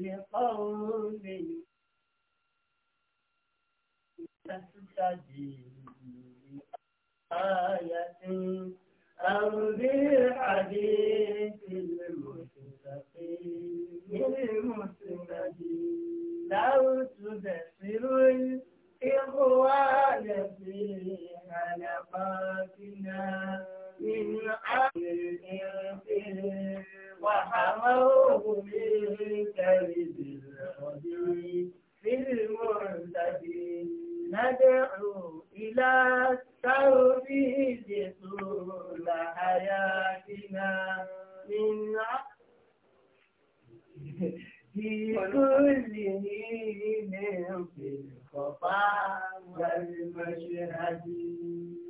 لقوم تستجيب آية أو بالحديث المستقيم المستقيم لو تبصر الإخوان في حلقاتنا من عمل فيه وحموه من كيد الخدي في المعتدي ندعو إلى التوحيد طول حياتنا من عمل بكله من في الخفاء والمشهد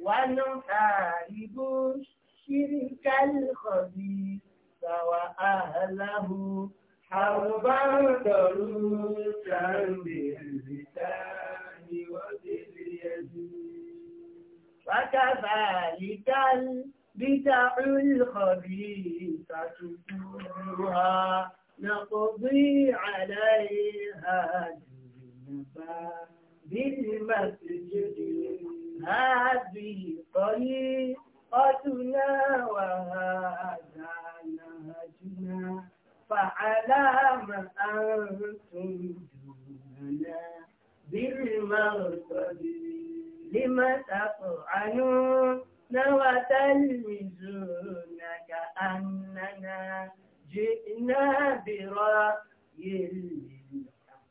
ونحارب الشرك الخبيث وأهله حربا ضروسا باللسان وباليد وكذلك البدع الخبيثة كلها Na na baa, nakpọahịha abụghị ọli otunawaakpa adahama aụrụtụdụịmatakpụ anụrụ na-nwata na ga anana. جئنا برأي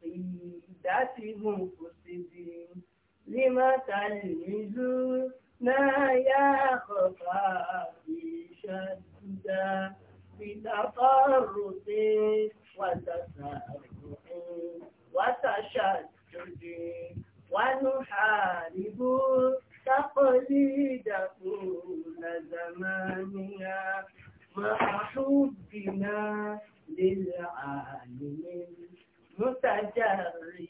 للعقيدة مفسدين لم تلمزونا يا خفافي شدا بتفرط وتسرع وتشدد ونحارب تقليدكم زماننا مع حبنا للعالم المتجرد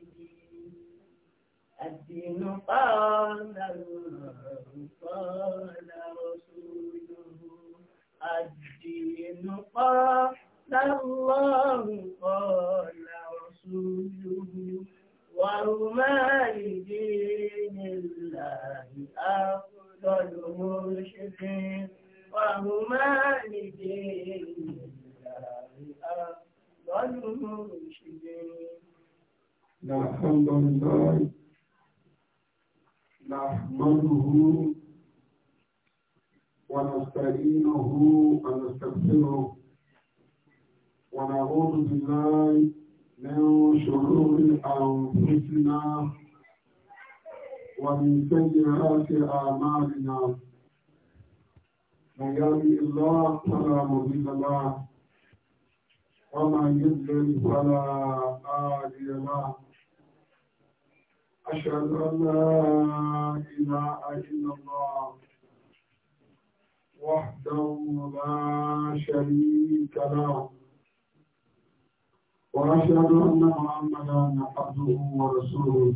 الدين قال قال رسوله الدين قال الله قال رسوله وهما لدين الله أفضل مرشدين نحمد الله نحمده ونستعينه ونستغفره ونعوذ بالله من شرور أنفسنا ومن سيئات أعمالنا من يهدي الله فلا مضل له ومن يضلل فلا هادي له أشهد أن لا إله إلا الله وحده لا شريك له وأشهد أن محمدا عبده ورسوله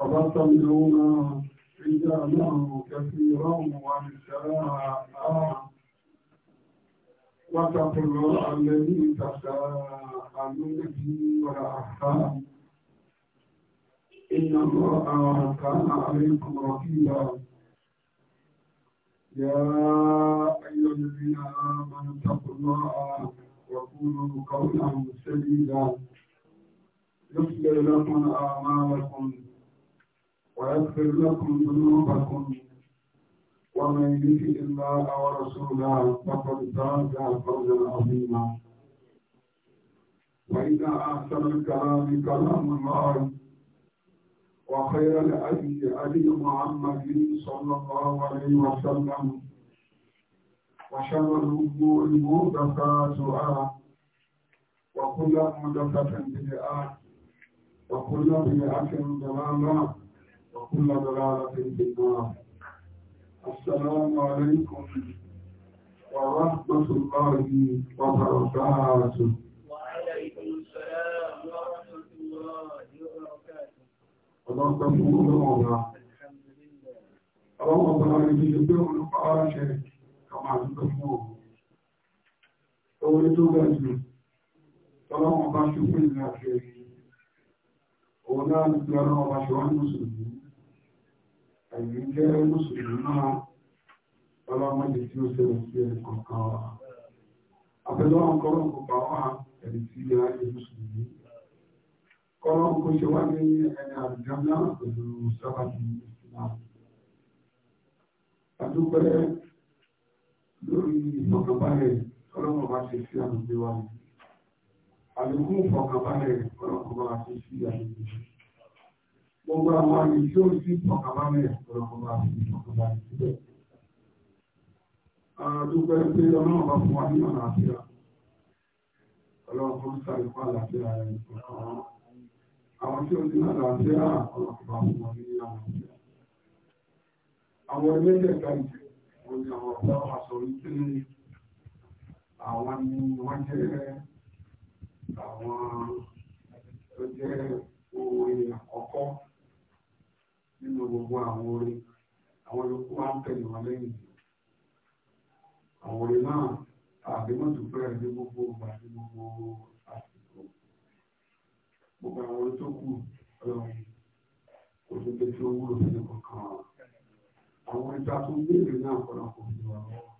فبطلنا رجالا كثيرا ونساء واتقوا الله الذي تساءلون به والارحام ان الله كان عليكم رقيبا يا ايها الذين امنوا اتقوا الله وكونوا قولا سديدا يصلح لكم اعمالكم ويغفر لكم ذنوبكم ومن يطع الله ورسوله فقد فاز فوزا عظيما وإن أحسن الكلام كلام الله وخير الأدي أدي محمد صلى الله عليه وسلم وشر الأمور مهدفاتها وكل مهدفة بدعة وكل بدعة ضلالة وكل ضلالة في النار السلام عليكم ورحمة الله وبركاته وعليكم السلام ورحمة الله وبركاته اللهم صل وسلم اللهم صل على سيدنا محمد كما تقول orí tó ga jù tọ́lọ́wọ́n bá ṣe fún ìrìn àjò èyí òun náà ní pé ọlọ́wọ́n bá ṣe wọ́n ní mùsùlùmí ẹ̀yí jẹ́ mùsùlùmí náà ọlọ́mọdé tí ó ṣẹlẹ̀ sí ẹni kọ̀ọ̀kan wa àbẹ̀lọ́wọ́n kọ́rọ̀ kò bá wà ẹni tí yára jẹ́ mùsùlùmí kọ́rọ̀ kò ṣe wá ní ẹni àbìjáná pẹ̀lú sábàbí islam adúpẹ́ lórí ìfọ̀kànbalẹ̀ ọlọ́mọ bá ṣe sí àdúgbò wa àlékún ìfọ̀kànbalẹ̀ ọlọ́mọ bá ṣe sí àdúgbò wa gbogbo àwọn àmì tí ó sí ọ̀kàbámẹ́ ọ̀rọ̀kọ̀bá ọ̀kàbá ìsílẹ̀. Àdúgbẹ́ pé ọlọ́run bá fún wa ní ọ̀nà àfíà. Ọlọ́run fún sàrìkọ́ àlàáfíà rẹ̀ ọ̀kan. Àwọn tí ó sí náà àlàáfíà ọ̀rọ̀kọ̀bá fún wa ní àlàáfíà. Àwọn ẹlẹ́dẹ̀ kan wọ́n ni àwọn ọ̀pá wà sọ wípé àwọn ni wọ́n jẹ́ àwọn tó jẹ́ òun àkọ́kọ́ nínú gbogbo àwọn orin àwọn yòókù wá ń tẹ̀lé wọn lẹ́yìn àwọn orin náà tàbí mọ́tò fẹ́rẹ̀ ní gbogbo ìgbà ní gbogbo àsìkò gbogbo àwọn orin tó kù kò tó dé tí ó wúlò nínú kankan àwọn orin tá a tún béèrè náà kọ́nà kò ní wà lọ́wọ́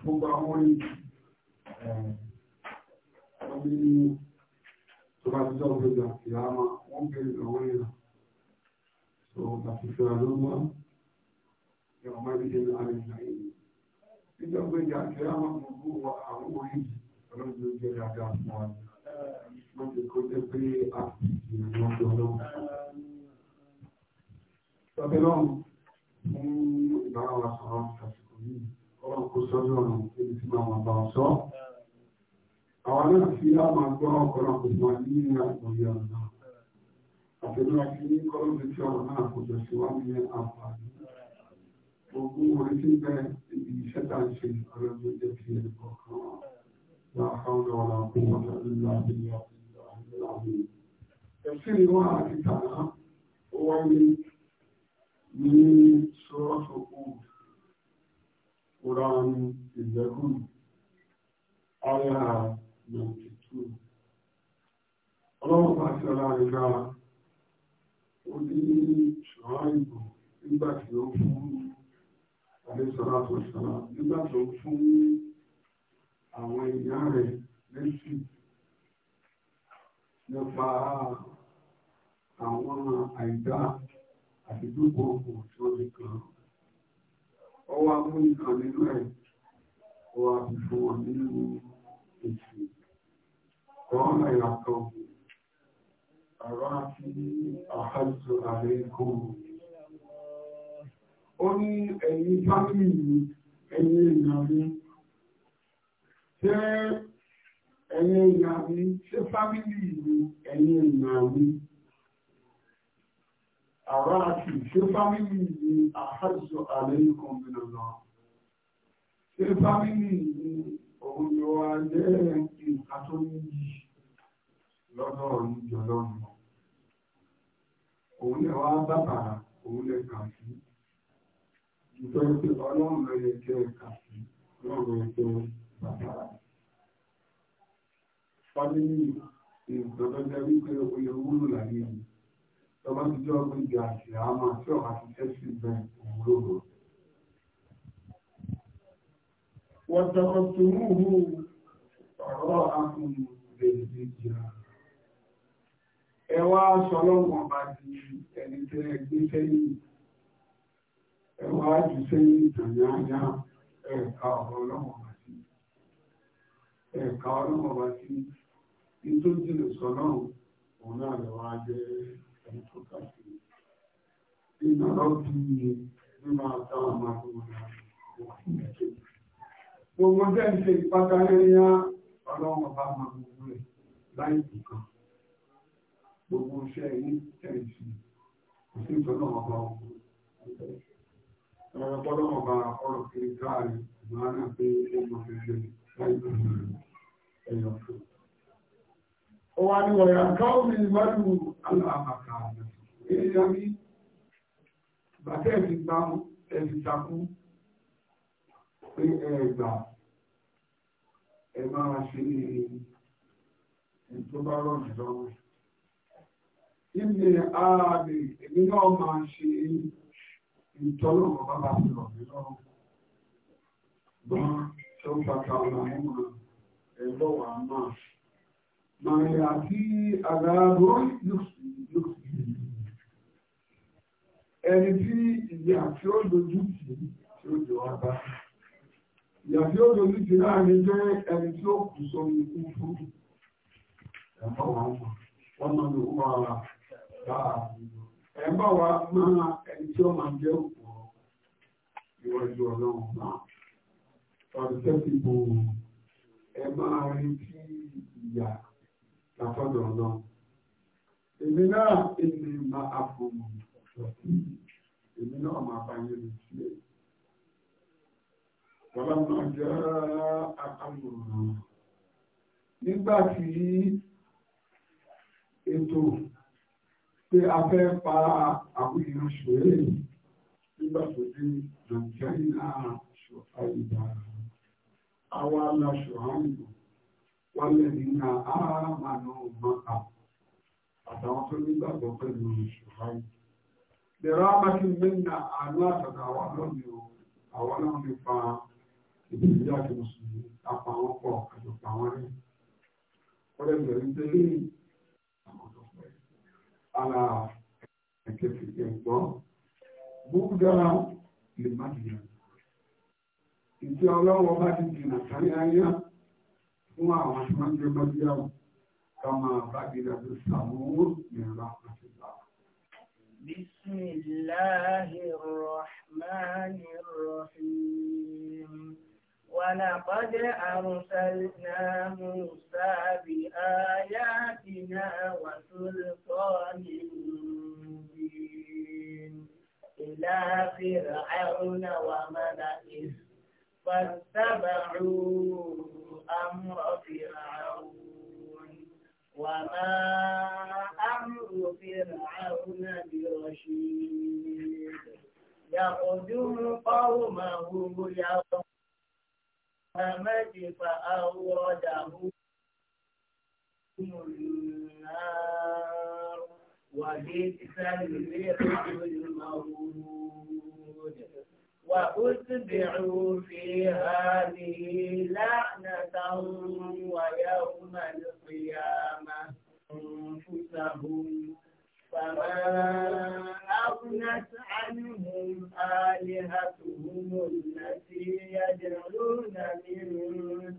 gbogbo àwọn orin wọ́n ní tó bá ti sọ̀rọ̀ gbogbo àti àmà wọ́n béèrè lọ́wọ́ yìí náà. فتفتعلوما يومئذ عن النعيم إذا بدا كلامه هو أعوذ رجل جلال عثمان من كنت في أحسن Sabelọ́n fún ìbára wa sọ̀rọ̀ àsìkò yìí, ọ̀rọ̀ kò sọ́jọ́ ọ̀nà ibi tí máa bá ọ sọ. Àwọn náà fi á máa gbọ́ ọ̀pọ̀lọpọ̀ máa ní àgbòyè ọ̀nà àtẹ̀lé àti ní kọ́lọ́mù tí ọ̀rọ̀ náà kò jọ sí wá ní àǹfààní gbogbo orin tí ń bẹ ibi iṣẹ́ tá à ń ṣe ọlọ́dún jẹ́ ti ẹ̀rí kọ̀ọ̀kan láàárọ̀ ọ̀la kó wọlé nílò àbíyá nílò àbíyá. ẹ̀sìn ìwà àti tàná ó wáyé ní sọ́ọ̀tù òòrùn Quran 11 ayah 92. Ọlọ́run bá ti ọlá rẹ̀ ìbò nígbà tí ó fún àdésọ́lá tó sọ́lá nígbà tó fún àwọn ìyá rẹ̀ lẹ́sì nípa àwọn àìdá àti gbogbo òkú tí ó lè kàn ọ wá mú nǹkan nínú ẹ̀ ọ wá fi fún wọn nínú èsì ọ̀rọ̀ ìyàtọ̀ òkú àráfí àhájú àríkò ó ní ẹ̀yin fámìlì ẹ̀yin èèyàn mi ṣé ẹ̀yin èèyàn mi ṣé fámìlì mi ẹ̀yin èèyàn mi àráfí ṣé fámìlì mi àhájú àríkò mìíràn lọ ṣé fámìlì mi òun ló wá jẹ́ nǹkan òun lè wá bàbàrà òun lè kà sí nítorí pé ọlọ́run ló yẹ kí ẹ kà sí ọlọ́run onye tó bàbàrà. fámìlì ìgbọ́dọ̀jẹ́ wípé oyè wúlò láyé ama tọ́ba ti jọ́ gbígbé àti àmà tí ọ̀rọ̀ àti tẹ́sí bẹ́ẹ̀ òun wọ́n ẹ wá aṣọ ọlọ́run ọba di ẹni tẹ́ ẹ gbé sẹ́yìn ẹ wá jù sẹ́yìn tàyáyá ẹ̀ka ọ̀rọ̀ ọlọ́run ọba sí ẹ̀ka ọlọ́run ọba sí nítorí lè sọ náà òun náà lè wá jẹ ẹni tó kà sí ìnáwó bí mímọ táwọn máa tó wọn náà gbogbo jẹ́ ń ṣe ìpátá yẹn yá ọlọ́run máa gbogbo rẹ̀ láì nìkan gbogbo iṣẹ́ yìí tẹ̀sí kò sí ìtọ́nà ọba ọ̀rọ̀ gbọ́dọ̀ ọba ọ̀rọ̀ kiri káàrí máa ń pè é mọ̀ fífẹ́ láì tó ẹ̀yọ̀ fún. ó wá ní wọ̀nyà káwọ́mì ìwádìí aláàmàkà èèyàn mi bàtẹ́ ẹ̀sìn gbá ẹ̀sìn takú pé ẹ̀gbà ẹ̀ máa ṣe ní ẹni tó bá rọ̀ jùlọ ilé ààrẹ èmi náà máa ṣe ìtọ́lọ̀ bàbá sọ̀rọ̀ mi lọ́rùn gbọ́n tó bàtà ọ̀la ẹ̀mọ̀ ẹ̀bọ̀ wà máa màrìn àti àgbàlagbò yóò ẹni tí ìyà tí ó dojú tì tí ó jọ wá bá ìyà tí ó dojú tì láàrin jẹ́ ẹni tí ó kù sómi kú fún ẹ̀bọ̀ wà máa wọ́n máa lò wọ́n ara ẹ̀ ń bọ̀ wá máa ẹni tí ó máa jẹ́ òkú ìwájú ọlọ́run náà pàdùsẹ́sìbò ẹ máa retí ìyà látọ̀dọ̀ ọlọ́run èmi náà èmi máa àfòmù ọ̀sọ̀tì èmi náà máa bá yẹn retí ẹ̀ wọ́lá náà jẹ́ àkàmùrù nígbà tí ètò pé a fẹ́ pa àwọn ìran ṣòwéré nígbà tó dé nàìjíríà ṣòfàìdà àwa aláṣọ àmìlò wálẹ̀ nínú àmàna ọmọta àtàwọn tó nígbàgbọ́ pẹ̀lú ṣòfàìdà lẹ́rọ abákí mẹ́ta àánú àtàkà àwọn lọ́nà àwọn náà nípa ìgbìyànjú àti mùsùlùmí àpàwọn pọ̀ àjọpọ̀ àwọn rẹ̀ wọ́n lè bẹ̀rẹ̀ ara ẹ̀kẹ́fì ẹ̀gbọ́n búrúdá lè má dìyà ìjẹ́ ọlọ́wọ́ bá ti dìnà kárí ayé fún àwọn tí wọ́n jẹ́ mọ́díyàwó kama bàgìdà tó sàmúwò nìyàrá àti ìgbà. Bismillahirrahmanirrahim. ولقد أرسلنا موسى بآياتنا وسلطان مبين إلى فرعون وملئه فاتبعوا أمر فرعون وما أمر فرعون برشيد يقدم قومه يوم محمد فأورده النار وبئس الرفق المورود وأتبعوا في هذه لعنة ويوم القيامة أنفسهم فما أغنت عنهم آلهتهم التي يدعون من من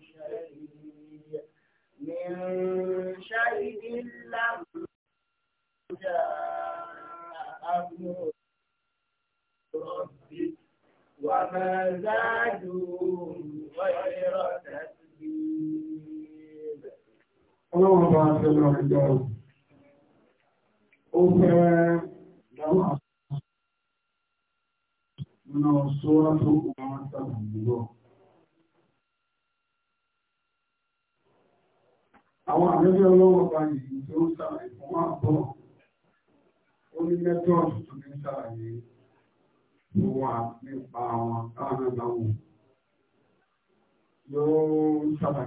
شيء من شيء لم جاء أمر ربك وما زادوا غير تسبيح ọlọ́run bá ń tẹ́lọ ìjọ ó fẹ́ dáwọn nínú sọ́wọ́ tó kùnmọ́ tàbí ìgbọ́ àwọn àrẹ́bẹ́ ọlọ́run bá yìí tó ń sàrẹ̀ fún àbọ̀ ó ní mẹ́tọ́ tó ní sàrẹ̀ fún wa nípa àwọn táwọn ẹgbàwò yóò sàrẹ̀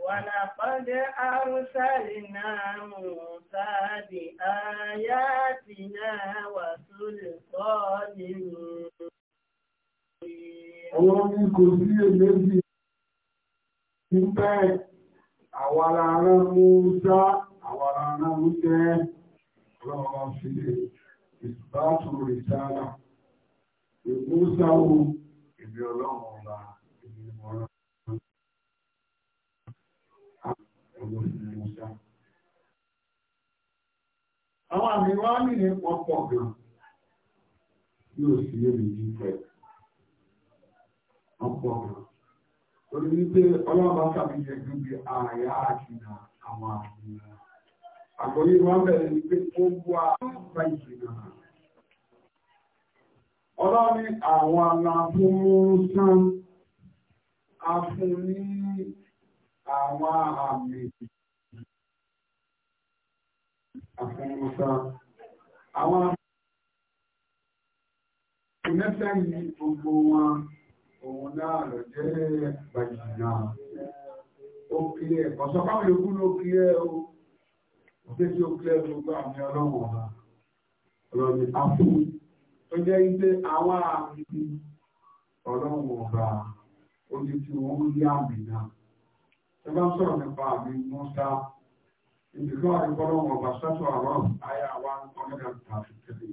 ولقد أرسلنا موسى بآياتنا وسلطان Ọlọ́run kò sí èlébi níbẹ̀ àwàrà ara mú sá àwàrà ara mú jẹ́ ọlọ́run sí ìbátò ìsára. Ìmúsáwò ìbí ọlọ́run ọ̀la. olórí Àwọn àmì wá ní ní wọ́n gan yóò sí èmi jí pẹ̀. gan. wípé ọlọ́ọ̀bá ààyà àti àwọn àmì bẹ̀rẹ̀ ní pé àwọn àwọn àmì àfẹnusá àwọn ìmẹ́fẹ́ ní gbogbo wọn òun náà lọ jẹ́ gbajúmọ̀ ó kílẹ̀ ọ̀sọ̀ káwọn yòókù ló kílẹ̀ o òfin tí ó kílẹ̀ gbogbo àmì ọlọ́wọ̀n ọ̀la ọlọ́ni afú tó jẹ́ ilé àwọn àmì ọlọ́wọ̀n ọ̀la ó ti fi wọ́n yá àmì náà tó bá ń sọ̀rọ̀ nípa àmì mọ́sá ìdíkọ́ àríkọ́lọ́wọ̀n ọba sọ́tọ̀ àrọ́m ayé àwa ọlọ́dà tààfin tẹ̀lé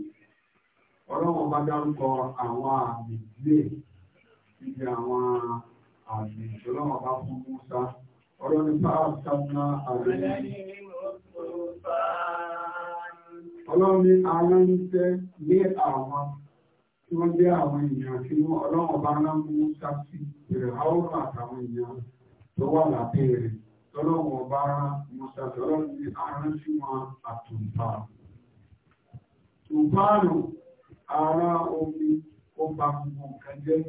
ọlọ́wọ̀n bá dárúkọ àwọn àmì ilé ibi àwọn àmì ìṣọ́lọ́wọ̀n bá fún mọ́sá ọlọ́ni fáà sáfúná àrẹ́lẹ́ ọlọ́ni aránṣẹ́ lé àwọn tí wọ́n jẹ́ àwọn èèyàn tí wọ́n ọlọ́wọ̀n bá rán mọ́sá sí ìrẹ̀ àwọn àtàwọn èèyàn tó wà lábẹ́ tọ́lọ́wọ́ bá musa tọ́lọ́ ní ara omi ó bá gbogbo nǹkan jẹ́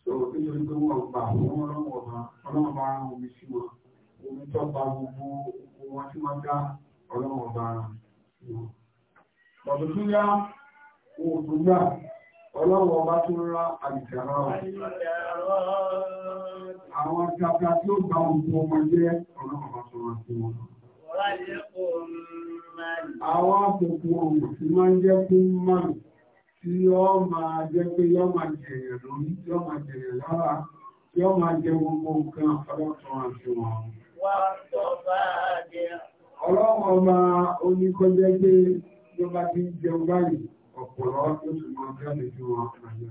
sọ̀rọ̀ nítorí pé omi sí wọn omi tó bá gbogbo wọn tí wọ́n dá ọlọ́wọ́ wọn. bàbá àwọn kàkà tí ó gba ohun ọmọ jẹ́ ọ̀nà ọ̀bá sọ́rọ̀ sí wọn. Àwọn àpòpò ọmọ tí máa ń jẹ́ fún márùn tí ó máa jẹ́ pé yọ́ máa jẹ̀yàn lórí, yọ́ máa jẹ̀yàn lára, yọ́ máa jẹ gbogbo nǹkan ọlọ́tọ̀ àti wọn. Ọlọ́run ọba oníkọjẹ́ pé ló bá ti jẹun báyìí, ọ̀pọ̀lọ́ tó sì máa jáde sí wọn àjẹ́.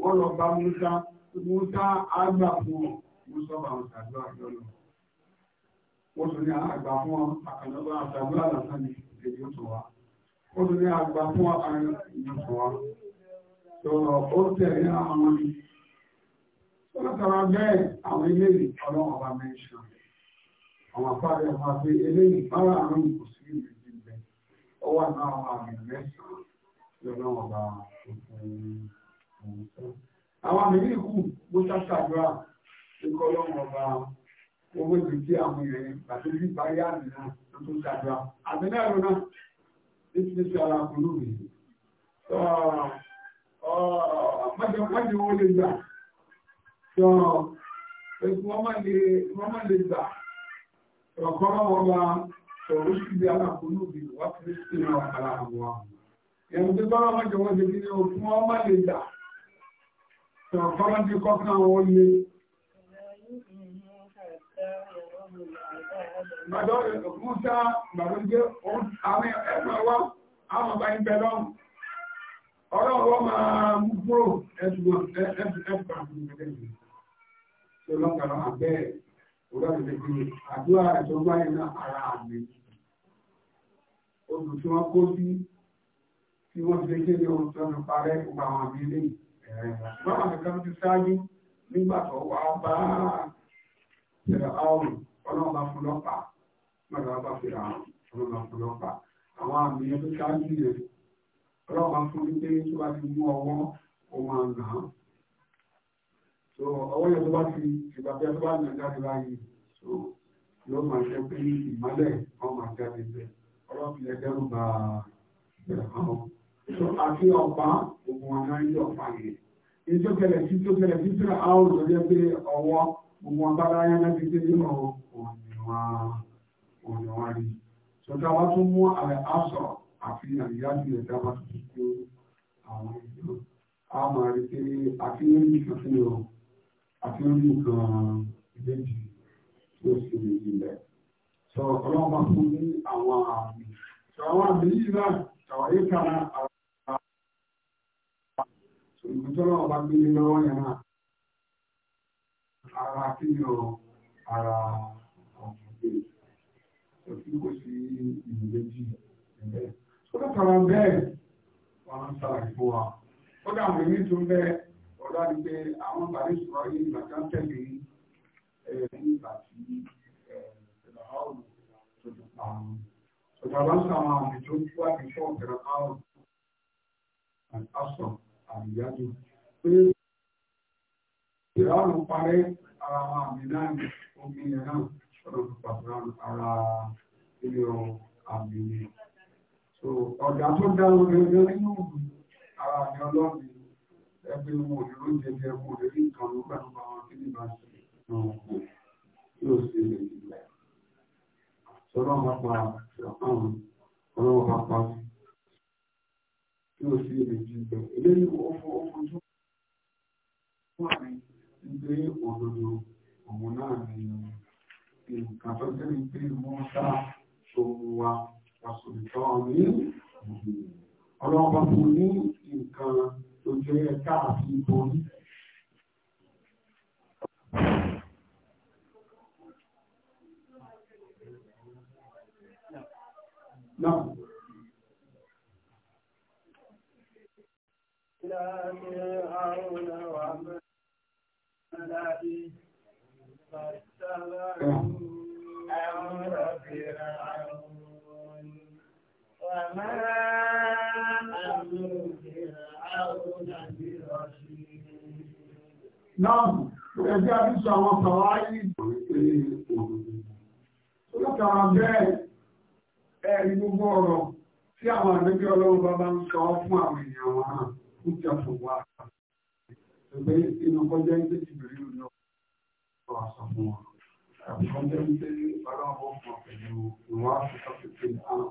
wọ́n lọ bá Musa Musa àgbà fún ọ Musa bá wọn ṣàdúrà lọ́nà wọ́n tún ní àgbà fún ọ àkànlọ́gbà àṣàdúrà lásán ní èdè òtún wa wọ́n tún ní àgbà fún àárín ìyọ̀tún wa sọ̀rọ̀ ó tẹ̀lé àwọn ọmọ mi látara bẹ́ẹ̀ àwọn eléyìí ọlọ́wọ́ bá mẹ́ṣà àwọn àpáàrẹ ọmọ àti eléyìí bára àrùn kò sí ìrìnjì bẹ́ẹ̀ ọwọ́ náà àwọn àmì mẹ́sàn-án lọ́wọ́ bá òkú àwọn àmì yìí kù bó ṣàṣàdúrà ikọ̀ ọlọ́run ọba owó ìlú tí àwọn èèyàn pàtó sí parí àmì náà ló tó ṣàdúrà àmì náà ló náà ní ti ṣe ara kò lóore tó mọ́jọ wọn lè gbà tó wọ́n máa lè gbà ọ̀kọ́ wọn wá sọ̀rọ̀ sí ibi alákòóló bí wọ́n ti ṣe àwọn àwọn àwọn ẹ̀rù tó bá wọn mọ́jọ lè gbà Tọ́lá ti kọ́ fún àwọn olè. Bàdọ́ Mùsá bàbá jẹ́ àwọn ẹgbẹ́ wa, àwọn ọba ìbẹ̀ lọ́rùn. Ọ̀rọ̀ ọwọ́ máa mú kúrò ẹ̀sùn ẹ̀fà Tọ́lọ́kàrà àbẹ́ òlọ́rùn-ún àdúrà ìjọba iná ara àmì. Odù tí wọ́n kó sí, tí wọ́n fi lé kéde ohun tó ń àwọn àmì lẹ́yìn báwọn nìkan ti ṣáájú nígbà tó wà bá ṣẹlẹ̀ àwọn ọlọ́run bá fún lọ́pàá mọ̀lá bá fi àwọn ọlọ́run bá fún lọ́pàá àwọn àmì ẹni ṣáájú rẹ̀ ọlọ́run bá fún wípé tó bá ti mú ọwọ́ ó máa so ọwọ́ yẹn tó bá ti ìgbàgbé tó so yóò máa jẹ́ pé ìmọ́lẹ̀ wọn máa jáde bẹ́ẹ̀ ọlọ́run lè dẹ́rù bá so àti ọ̀pá ogun ọ̀nà ilé ọ̀pá yẹn ètò kẹlẹ̀ sí tó kẹlẹ̀ sí tó àwọn òṣèré pé ọwọ́ gbogbo agbára yánná ti dé nínú òmìnira rí sọdá wa tún mú àlẹ́ àṣọ àfihàn ìyájú ẹ̀dá wa tó ti kó àwọn èèyàn a máa rí pé àfihàn nìkan fún yọ àfihàn nìkan ìbejì tó sì ní ilẹ̀ sọ ọlọ́pàá fún ní àwọn àmì sọ àwọn àmì yìí náà sọ èyí kan ìgbìtọ́lọ́ ọba gbé ní lọ́wọ́ yẹn náà ara kí ni ọ ara ọ̀gbìn tó kí kò sí ìgbèjì ẹ̀bẹ̀ tó dọ̀tara bẹ́ẹ̀ wọn ń sàlàyé fún wa ó dà mí ní tó bẹ́ẹ̀ ọ̀dà ni pé àwọn bàrí sọ̀rọ̀ yìí nígbà tí wọ́n tẹ̀lé nígbà tí ìlà áwùn tó ti pa àwọn ọ̀dà bá ń sàwọn àmì tó wà ní fọ́ọ̀kì rẹ̀ áwùn àti pásítọ̀ àmìyájú pé ìrànù parẹ́ ara àmì náà ní omi yẹn náà ṣọ́nà tó pàtàkì ara ilé àmì ni. ọ̀gá tó dáhùn gẹ́gẹ́ nínú ara àmì ọlọ́ọ̀ni ẹgbẹ́ wọn ò ní oúnjẹ jẹ wọn ò lè rí nǹkan ló gbà nípa wọn bá ṣe náà kù yóò ṣe lè nílẹ̀. sọ́nà bá pa ṣọ̀kan ọlọ́wọ́ bá pa sí tí ó sí èdè jíjẹ eléyìí ọ̀fọ̀ ọ̀fojú wọ́n pé òdodo òun náà ni nǹkan tó jẹ́ pé wọ́n dá ṣòwò wa pàṣòlùtọ́ ní ọlọ́ọ̀bá fún ní nǹkan tó jẹ́ káàkiri borí náà إلى فرعون وملئه فاتبعوا أمر فرعون وما أمر فرعون برشيد نعم ẹgbẹ́ àbíṣọ àwọn fàwáyé látara ẹ̀rí gbogbo ọ̀rọ̀ tí àwọn àgbẹ́gbẹ́ ọlọ́run bàbá ń sọ fún àwọn èèyàn wọn náà kú ti àfọwọ́ àṣà ẹgbẹ́ inú kọjá ń tẹ̀sí bèrè lù náà lọ àṣà fún wa àkọjá ń tẹ́ ọlọ́wọ́ fún pẹ̀lú ìwà àṣà pẹ̀lú àrùn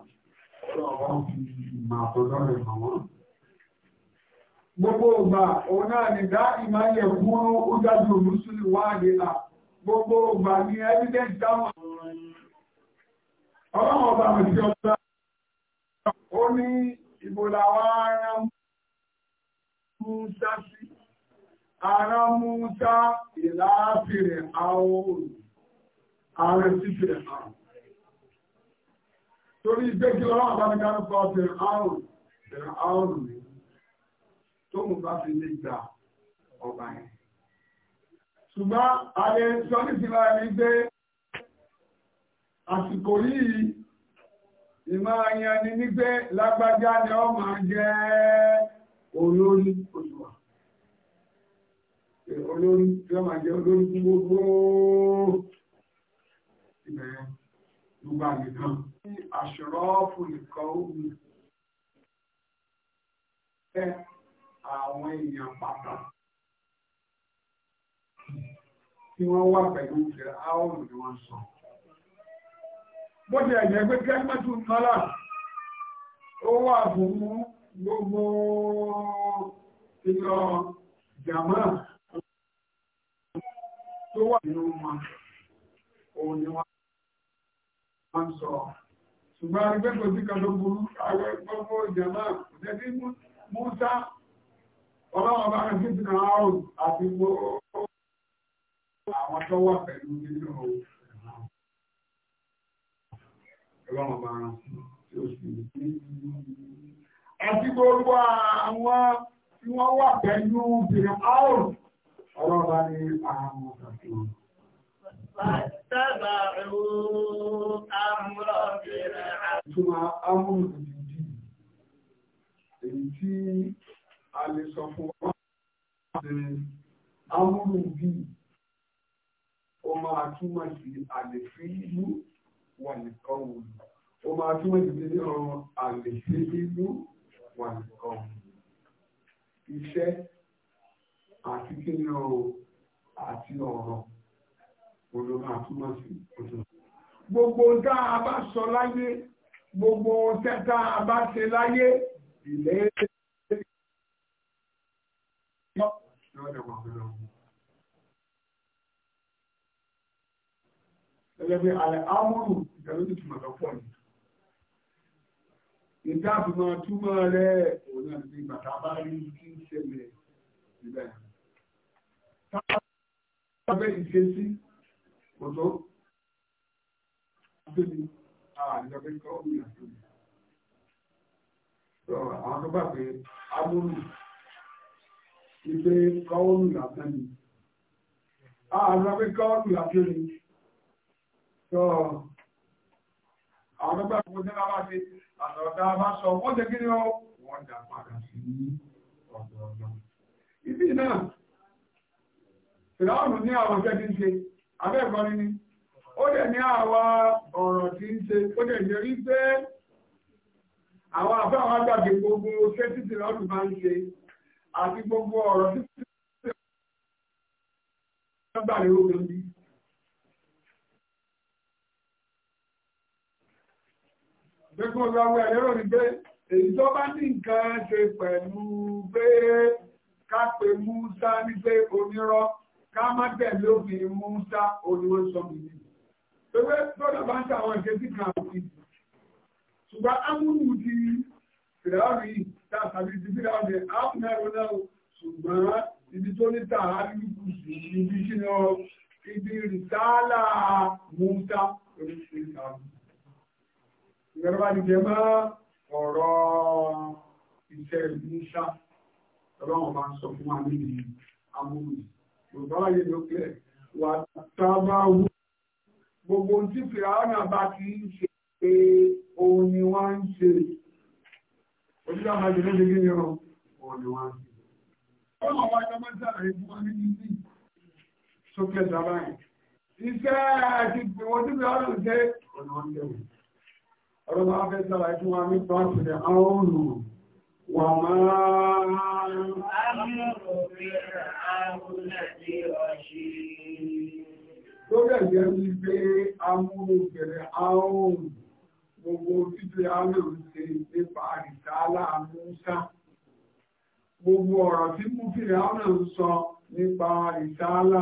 ọlọ́wọ́ fi ìmọ̀ àtọ́jọ́ rẹ̀ mọ̀ wọ́n. Gbogbo ọgbà òun náà ni dá ìmọ̀ yẹ fún ó dájú olùsùlù wá nílà. Gbogbo ọgbà ni evidence dáwọn. Ọlọ́wọ́ ọba àti ọba ó ní ìbòlà wa rán Musa sí. Ara Musa ìlàáfìrẹ̀ àwòrán. Ààrẹ sí fìrẹ̀ àwòrán. Torí ìgbégi lọ́wọ́ àbánikárúkọ fìrẹ̀ àwòrán. Fìrẹ̀ àwòrán ni. Tó mú bá fi lè gbà ọba yẹn. Ṣùgbọ́n ààrẹ sọ nísìnyí láàrin gbé àsìkò yìí ìmọ̀ ni nígbé lágbájá ni ọ máa jẹ́ olórí olùwà olórí tí wọ́n máa jẹ́ olórí fún gbogbo ìbẹ̀rẹ̀ gbogbo àgbẹ̀kan ní àṣọrọ́ọ̀fù nìkan omi fẹ́ àwọn èèyàn pàtàkì tí wọ́n wà pẹ̀lú ìfẹ́ áwọ̀n ni wọ́n sọ bó ti ẹ̀jẹ̀ pé kẹ́gbẹ́tù nọ́là ó wà fún gbogbo ìlọ jàmá tó wà nínú wọn òun ni wọ́n máa ń sọ ṣùgbọ́n agbẹ́gbẹ́ tí kan ló burú àwọn gbogbo jàmá òjẹ́bí múta ọlọ́wọ́ bá rẹ̀ fífi náà áwùn àti gbogbo àwọn tó wà pẹ̀lú nínú ọlọ́wọ́ bá rẹ̀ tí ó sì ní àti gbogbo àwọn tí wọ́n wà pẹ̀lú bìrì áùn ọ̀rọ̀ bá ní àwọn ọ̀sán Ìtumọ̀ amúrù ìdìdì, èyí tí a lè sọ fún wọn ṣe amúrù bí o máa túmọ̀ sí àlèfíìlú wà nìkan wò. O máa túmọ̀ sí ọ̀rọ̀ àlèfíìlú wà nìkan iṣẹ́ àti kíni o àti ọ̀rọ̀ olórí àtúmọ̀ sí òtún. gbogbo tá a bá sọ láyé gbogbo tẹ́ tá a bá ṣe láyé ilé Ẹgbẹ́ alẹ́ amúrù ìjọba tó túnmọ̀ lọ́pọ̀ ni ìdáàbùmọ̀ túmọ̀ rẹ̀ òun náà ti bàtà bá rí kí ń ṣẹlẹ̀ níbẹ̀. tábẹ́ ìṣesí kò tó gbébi àjọpé kọ́ òun yà tó. àwọn tó bá pé amúlù ìgbé kọ́ òun yà tó ni. àjọpé kọ́ òun yà tó ni. àwọn ọgbà tó ní bá ṣe àtọ̀dá bá sọ wọ́n jẹ́ kí ni wọ́n dà padà sí Ibi náà, Fìlàwọ̀nù ní àwọn ọ̀ṣẹ́ ti ń ṣe, ni ó ti ń ṣe, ó dẹ̀ ní pé gbogbo ṣé títí máa ń ṣe gbogbo ọ̀rọ̀ pé kó lọ wọ ẹ̀rọ ní pé èyí tó bá ní nǹkan ṣe pẹ̀lú pé ká pe Musa ní pé onírọ́ ká má tẹ̀lé òfin Musa olówó sọmi ni pé tó lọ bá ń ta àwọn ìṣesí kan òfin ṣùgbọ́n amúnú ti fìdáwì tàbí ti fìdáwì áfúnẹ́rù náà ṣùgbọ́n ibi tó ní tààrí kùsì ibi ṣíná ibi rìtálà Musa oríṣiríṣi àwọn ìgbẹ̀rọ̀bá ti jẹ mọ́ ọ̀rọ̀ iṣẹ́ ìníṣà ọlọ́run bá ń sọ fún wa níbi amúlù yorùbá ayé ló pẹ́ wà tá a bá wú gbogbo tí fìlànà bá ti ń ṣe pé òun ni wọ́n ń ṣe onígbà máa jẹ lóde gíní ọ òun ni wọ́n ń ṣe. ọlọ́run wa ẹjọ́ máa ń sàlàyé fún wa ní bíbí sókè dábàá yìí iṣẹ́ àti ìgbìmọ̀ tí fìlànà ń ṣe òun ni wọ́n ń ṣe wọ́n ọ̀rọ̀ máa fẹ́ sára ẹjú wa ní pàṣẹ àwọn olù wà máa tó gẹ̀gẹ́ ní pé amúrò bẹ̀rẹ̀ àwọn gbogbo títí àmì ṣe nípa àrìsáàlá àmúṣá gbogbo ọ̀rọ̀ nípa àrìsáàlá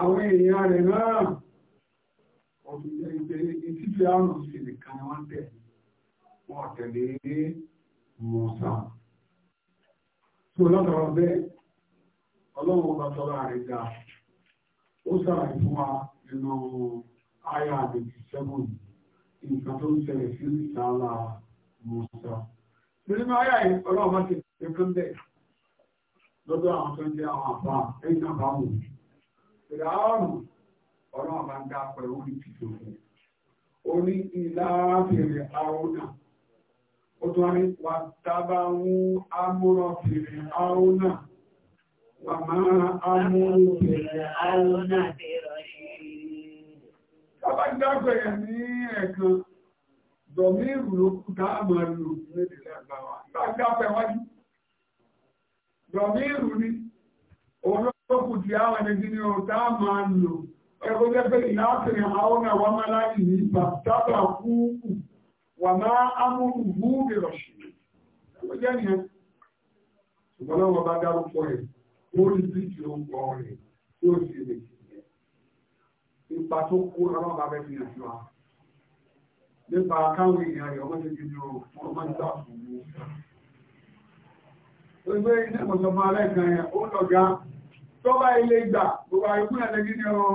àwọn èèyàn rẹ̀ náà ọ̀gbìnjẹ́ ìpè etí fi àrùn sí nìkan ni wọ́n tẹ̀ wọ́n tẹ̀lé mọ̀ọ́sà. tó lọ́tọ̀rọ̀ bẹ́ẹ̀ ọlọ́run ọba tọ́lá rẹ̀ ga ó sàlàyé fún wa nínú àyà àdèjì sẹ́gun nǹkan tó ń ṣẹlẹ̀ sí ìsàlà mọ̀ọ́sà. nínú àyà yìí ọlọ́run bá ti ṣe kán bẹ́ẹ̀ lọ́dọ̀ àwọn tó ń jẹ́ àwọn àbá pèrè àrùn ọ̀nà àbá ń dápẹ̀ orí títò fún ó ní ìlà fèrè àrùnà ó tó rí wà tábà ń amúrọ̀ fèrè àrùnà wà máa amúrọ̀ fèrè àrùnà tábà ń dápẹ̀ yẹn ní ẹ̀kan dọ̀míìrù ló kú dáàmà lò nílẹ̀ àgbà wa tábà ń dápẹ̀ wájú dọ̀míìrù ni òun tó kù tí àwọn ẹni tí ní ọ̀tá máa ń lò ẹgbẹ́ jẹ́ pé ìlàáfíà àwọn ọmọ ẹ̀wọ̀n máa láì ní ìgbà tábà kú wà máa amúrù mú bèrọ̀ sí ẹgbẹ́ jẹ́ nìyẹn ṣùgbọ́n lọ́wọ́ bá dárúkọ rẹ̀ ó rí tọ́ba ilé gbà gbogbo àìkú ẹ̀ lẹ́gbẹ́ ní ọ̀rọ̀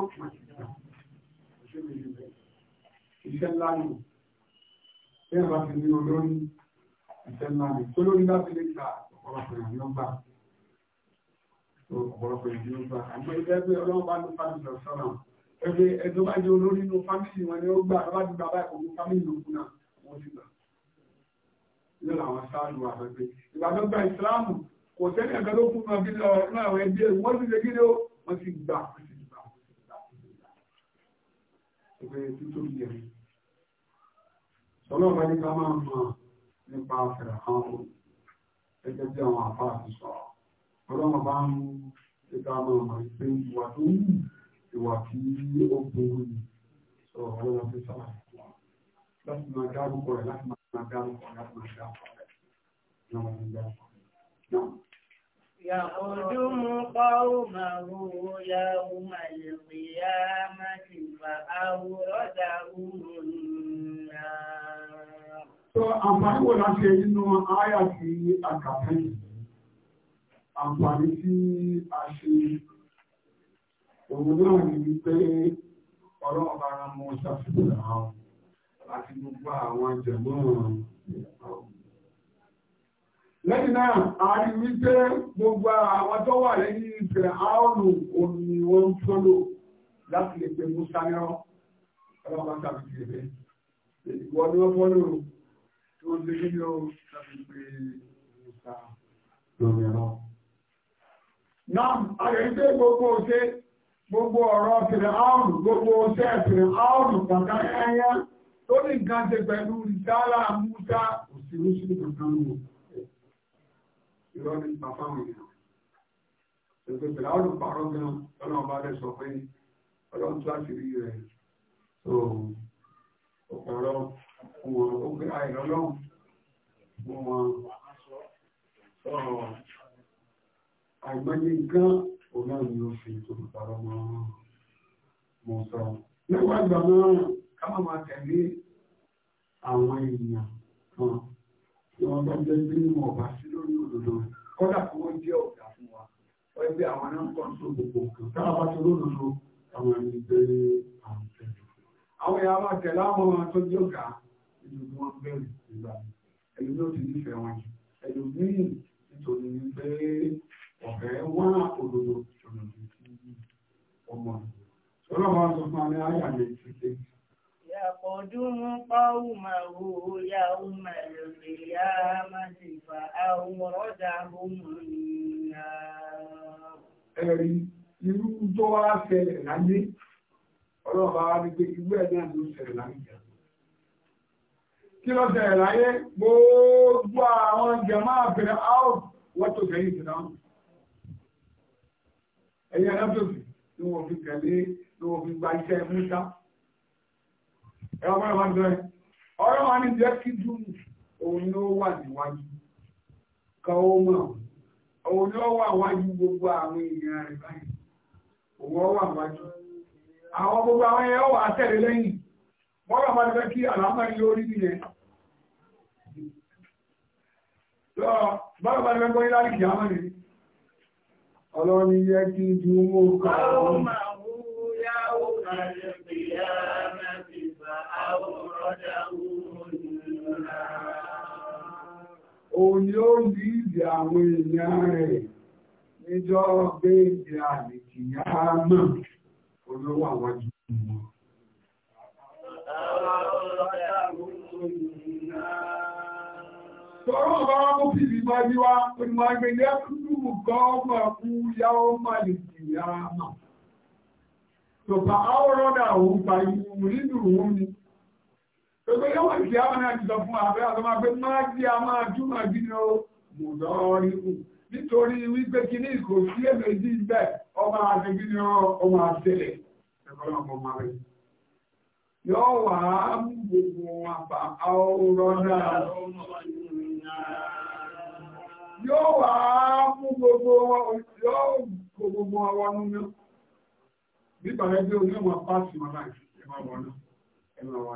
iṣẹ́ ńlá ni bí ẹ̀ bá ti ní olórí iṣẹ́ ńlá ni tó lórí láti lè gbà ọ̀pọ̀lọpọ̀ ìdí ọgbà ọ̀pọ̀lọpọ̀ ìdí ọgbà àmọ́ ilé ẹgbẹ́ ọlọ́run bá ní fámìlì ọ̀sán náà ẹgbẹ́ ẹjọ́ bá jẹ́ olórí inú fámìlì wọn ni ó gbà lọ́wọ́ ti bàbá ẹ̀kọ́ fún fámìlì òkú náà wọ́n ti gbà. ilé làwọn sáà lù wà lọ́gbẹ́ ìgbà tó gba kò sẹ́ni ẹ̀ka ló kún náà kíni ọ̀rọ̀ àwọn ẹbí ẹ̀ wọ́n ti ṣe kíni ó wọ́n ti gbà wọ́n ti gbà wọ́n ti gbà wọ́n ti gbà sọlọ́ bá ní ká máa mọ̀ nípa fẹ̀rẹ̀ kan ó gẹ́gẹ́ bí àwọn àpá àti sọ̀rọ̀ ọlọ́run bá ń kíkà máa mọ̀ pé ìwà tó wù láti máa dárúkọ rẹ̀ láti máa dárúkọ rẹ̀ láti máa dárúkọ rẹ̀ يقدم قومه يوم القيامة فأوردهم النار. Àǹfààní wo la ṣe nínú àyà tí a kà fẹ́yìn? Àǹfààní tí a ṣe náà ni wípé ọlọ́run bá mọ́ ṣàfihàn àwọn gbogbo àwọn jẹ̀gbọ́n àwọn lẹ́yìn náà a rí wípé gbogbo àwọn tó wà lẹ́yìn ìfẹ́ àọ́nù òní wọn ń tọ́lò láti lè pe musa ní ọ́ ọlọ́pàá tàbí ti rẹ̀ ìwọ ni wọ́n fọ́lò tó ń léyìn ní ọ́ tàbí pé musa lórí ẹ̀rọ. náà a rí wípé gbogbo òṣè gbogbo ọ̀rọ̀ fìrẹ̀ àọ́nù gbogbo òṣè fìrẹ̀ àọ́nù kàkà ẹ̀yẹ tó ní nǹkan ṣe pẹ̀lú ìtara musa òṣèlú sí kankan lò irọ́ ní pa fáwọn èèyàn ṣètò pẹ̀lú àwọn olùpàrọ̀ gan lọ́nà ọba rẹ̀ sọ pé ọlọ́run tó láti rí rẹ̀ tó ọ̀pọ̀rọ̀ wọn ó pé àìrọ́lọ́run fún wọn sọ̀rọ̀ àìmọye nǹkan òun náà ni ó fi tó ìpàrọ̀ mọ́ mọ́ sọ. níwájú àwọn káwọn máa tẹ̀lé àwọn èèyàn kan wọn bá jẹ́ pé wọn bá sí lórí òdodo kọ́dà kí wọ́n jẹ́ ọ̀gá fún wa wọ́n pé àwọn náà ń kọ́ tó a bá tó lódodo àwọn ẹni pé àwọn tẹ̀lé àwọn èèyàn máa tẹ̀lé àwọn ọmọ tó jẹ́ ọ̀gá nínú tí wọ́n bẹ̀rẹ̀ nígbà ẹni ló ti nífẹ̀ẹ́ wọn jù ẹni míì nítorí pé ọ̀fẹ́ wọn òdodo ọ̀nà ọmọ ọlọ́run sọ fún wa ní àyà ti ṣe يقدم قومه يوم القيامة فأوردهم النار ẹ̀rí irú tó wá ṣẹlẹ̀ láyé ọlọ́ba wa ni pé irú ẹ̀ náà ló ṣẹlẹ̀ láyé kí ló ṣẹlẹ̀ láyé gbogbo àwọn jẹ̀mọ́ àbẹ̀rẹ̀ áwọ̀ wọ́n tó sẹ́yìn sí náà ẹ̀yẹ náà tó sì ni wọ́n fi tẹ̀lé ni wọ́n fi gba iṣẹ́ mú sáà ẹ̀wọ̀n bá wọn bẹ̀rẹ̀ ọ̀rọ̀ wa ni jẹ́ kí dùnú òun ni ó wà níwájú kan ó mọ̀ òun ni ó wà wájú gbogbo àwọn èèyàn rẹ̀ báyìí òun ó wà wájú àwọn gbogbo àwọn èèyàn ó wà tẹ̀lé lẹ́yìn wọ́n bá wọn bẹ̀rẹ̀ kí àlámọ́rí lórí nìyẹn lọ báwọn bá wọn bẹ̀rẹ̀ lárí kì á mọ̀ nìyẹn ọlọ́run yẹ kí dùnú kàwọn. onye ni ó rí ìdí àwọn èèyàn rẹ̀ níjọ́ gbé ìdí àmìkì yáà náà olówó àwọn jù wọn. Sọ̀rọ̀ bá wọ́n mú fi ìbí máa yíwá, olùmọ̀gbẹ̀ yẹ́ kúrú gọ́ọ̀mà fún yá ó Gbogbo yóò wà ní àwọn àjùlọ fún àbẹ́ àtọmọ pé máa jí a máa jú máa jí ní o mò lọ́ọ́ Nítorí wípé kí ní ìkò sí èmèjì bẹ́ẹ̀ ọmọ àṣẹbí ni ó máa ṣẹlẹ̀. Ẹ̀kọ́ náà kọ́ máa wà mú gbogbo àpá ọ̀rọ̀ náà. Yóò wà mú gbogbo yóò kó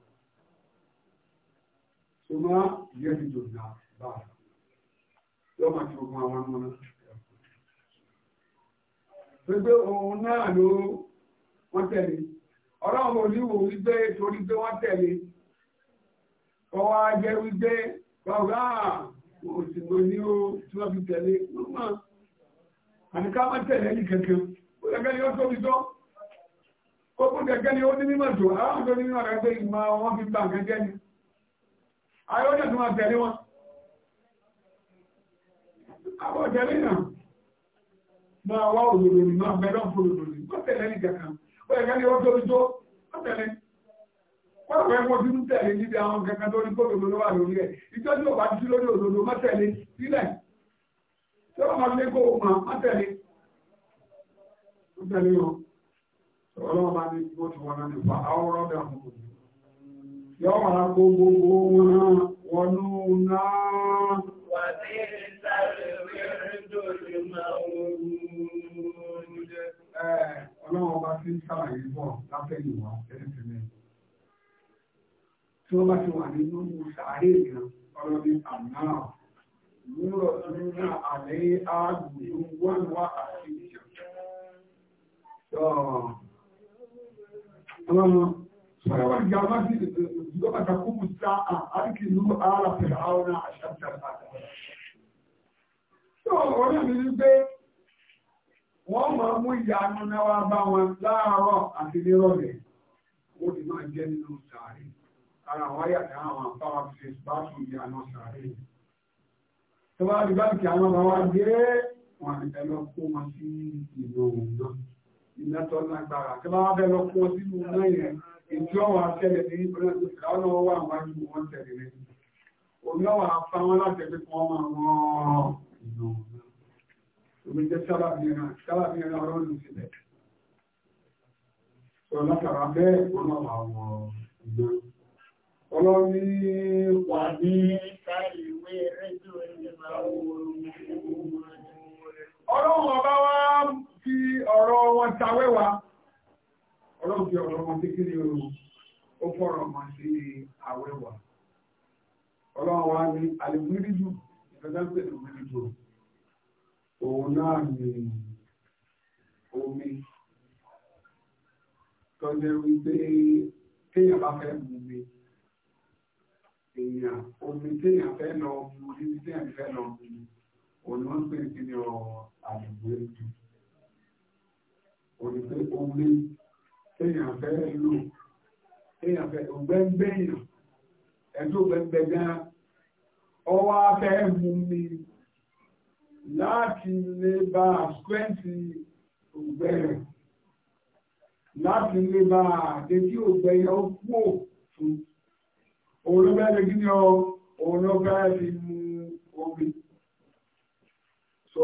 tó má yẹ ti dùn náà báyìí yọ máa ti gbogbo àwọn náà. Gbogbo òun wọ́n tẹ̀lé. Ọlọ́run torí pé wọ́n tẹ̀lé. Ọwọ́ ajẹ́ wípé bàbá òsìmọ̀ ni tí wọ́n fi má kankan. Ó gẹ́gẹ́ ni ó tóbi gẹ́gẹ́ ni ó ní mímọ̀ tó. Àwọn fi gbà ayọ́dẹ̀ tó máa tẹ̀lé wọn àwọn tẹ̀lé náà máa wá òdòdó ní máa bẹ̀rẹ̀ òdòdó ní wọ́n tẹ̀lé ní kẹta ó yẹ kẹ́lẹ́ tó wọ́n tẹ̀lé wọ́n wọ́n tẹ̀lé níbi àwọn tó ní ló wà lórí lórí òdòdó má tẹ̀lé sílẹ̀ tí wọ́n máa o máa má tẹ̀lé wọ́n tẹ̀lé wọn bá ní yọ́ kó gbogbo wọn wọnú náà wà ọba tí Tí wọ́n bá ti wà nínú sàárè kan, ọlọ́bí àná múrọ̀ nínú àlẹ́ àgbòrò wọ́n wá àti ìjọ. Ọlọ́run wá sí يوم تقوم الساعة أركنوا آل فرعون أشد العذاب ọ̀rọ̀ mi ní pé wọ́n máa mú ìyanu náà wá bá wọn láàárọ̀ àti nírọ̀lẹ́ ó ti máa jẹ́ nínú sàárè ara àwọn àyàtà àwọn àpáwà fi bá tún ìyanu sàárè tó bá di báńkì àwọn ọmọ wa dé wọn àtẹ lọ kó wọn sí ìlú òun náà ìlẹ́tọ́ lágbára tó bá wá lọ kó sínú náà yẹn ìjọ́wọ̀n àtẹ́lẹ̀ ní ìpínlẹ̀ wà wájú wọn tẹ̀lé rẹ̀. Omiọ́wà afá wọn láti ẹgbẹ́ fún ọmọ àwọn ìlú. Omi jẹ́ sábàbìnrin, sábàbìnrin ọlọ́run sílẹ̀. Sọ látara bẹ́ẹ̀ ọlọ́run àwọn ìlú. ọba wa fi ọ̀rọ̀ wọn tawẹ́wàá ọlọ́run fi ọ̀rọ̀ ọmọ kékeré o ó fọ̀rọ̀ ọmọ sí àwẹ̀wà ọlọ́run wa ní àlùmírídù ìfẹ́sẹ̀pẹ̀ àlùmírídù òun náà ní omi tọ́jú wípé téèyàn bá fẹ́ mú mi èèyàn omi téèyàn fẹ́ lọ mú níbi téèyàn fẹ́ lọ mú òun ni wọ́n ń pè ní ọ̀rọ̀ àlùmírídù òun ni pé omi téèyàn fẹ́ lò téèyàn fẹ́ ògbẹ́ngbẹ́yàn ẹ̀dùn ògbẹ́ngbẹ́gá ọwọ́ afẹ́ mú mi láti lè bá skwẹ́ǹtì ògbẹ́ rẹ̀ láti lè bá àdé tí ògbẹ́ yẹn ó kú òfin òun ló bẹ́ẹ̀ kí ni ọ òun ló bẹ́ẹ̀ fi mú omi. So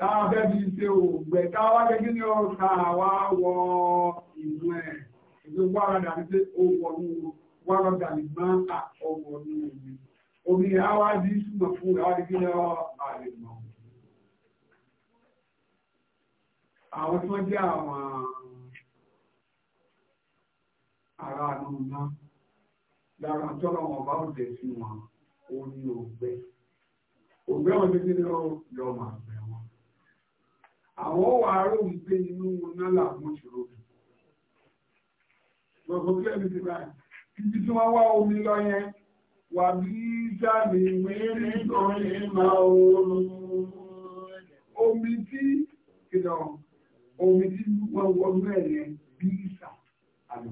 táwọn fẹ́ fi ṣe òògbẹ́ káwá jẹ́ kí ni ó ta àwa wọ ìlú ẹ̀ ìlú wàràdà ní pé ó wọnú wàràdà ní máa ọwọ́ ní omi omi àwa di túmọ̀ fún àwa di kí ni ó àlè mọ́. àwọn tí wọ́n jẹ́ àwọn ará àánú náà lára tọ́lọ́ bá òjẹ́ sí wọn ó ní òògbẹ́ òògbẹ́ wọn ti kí ni ó yọ màá àwọn wà á rò wípé inú wọn náà omi tí omi tí bí ìsà àti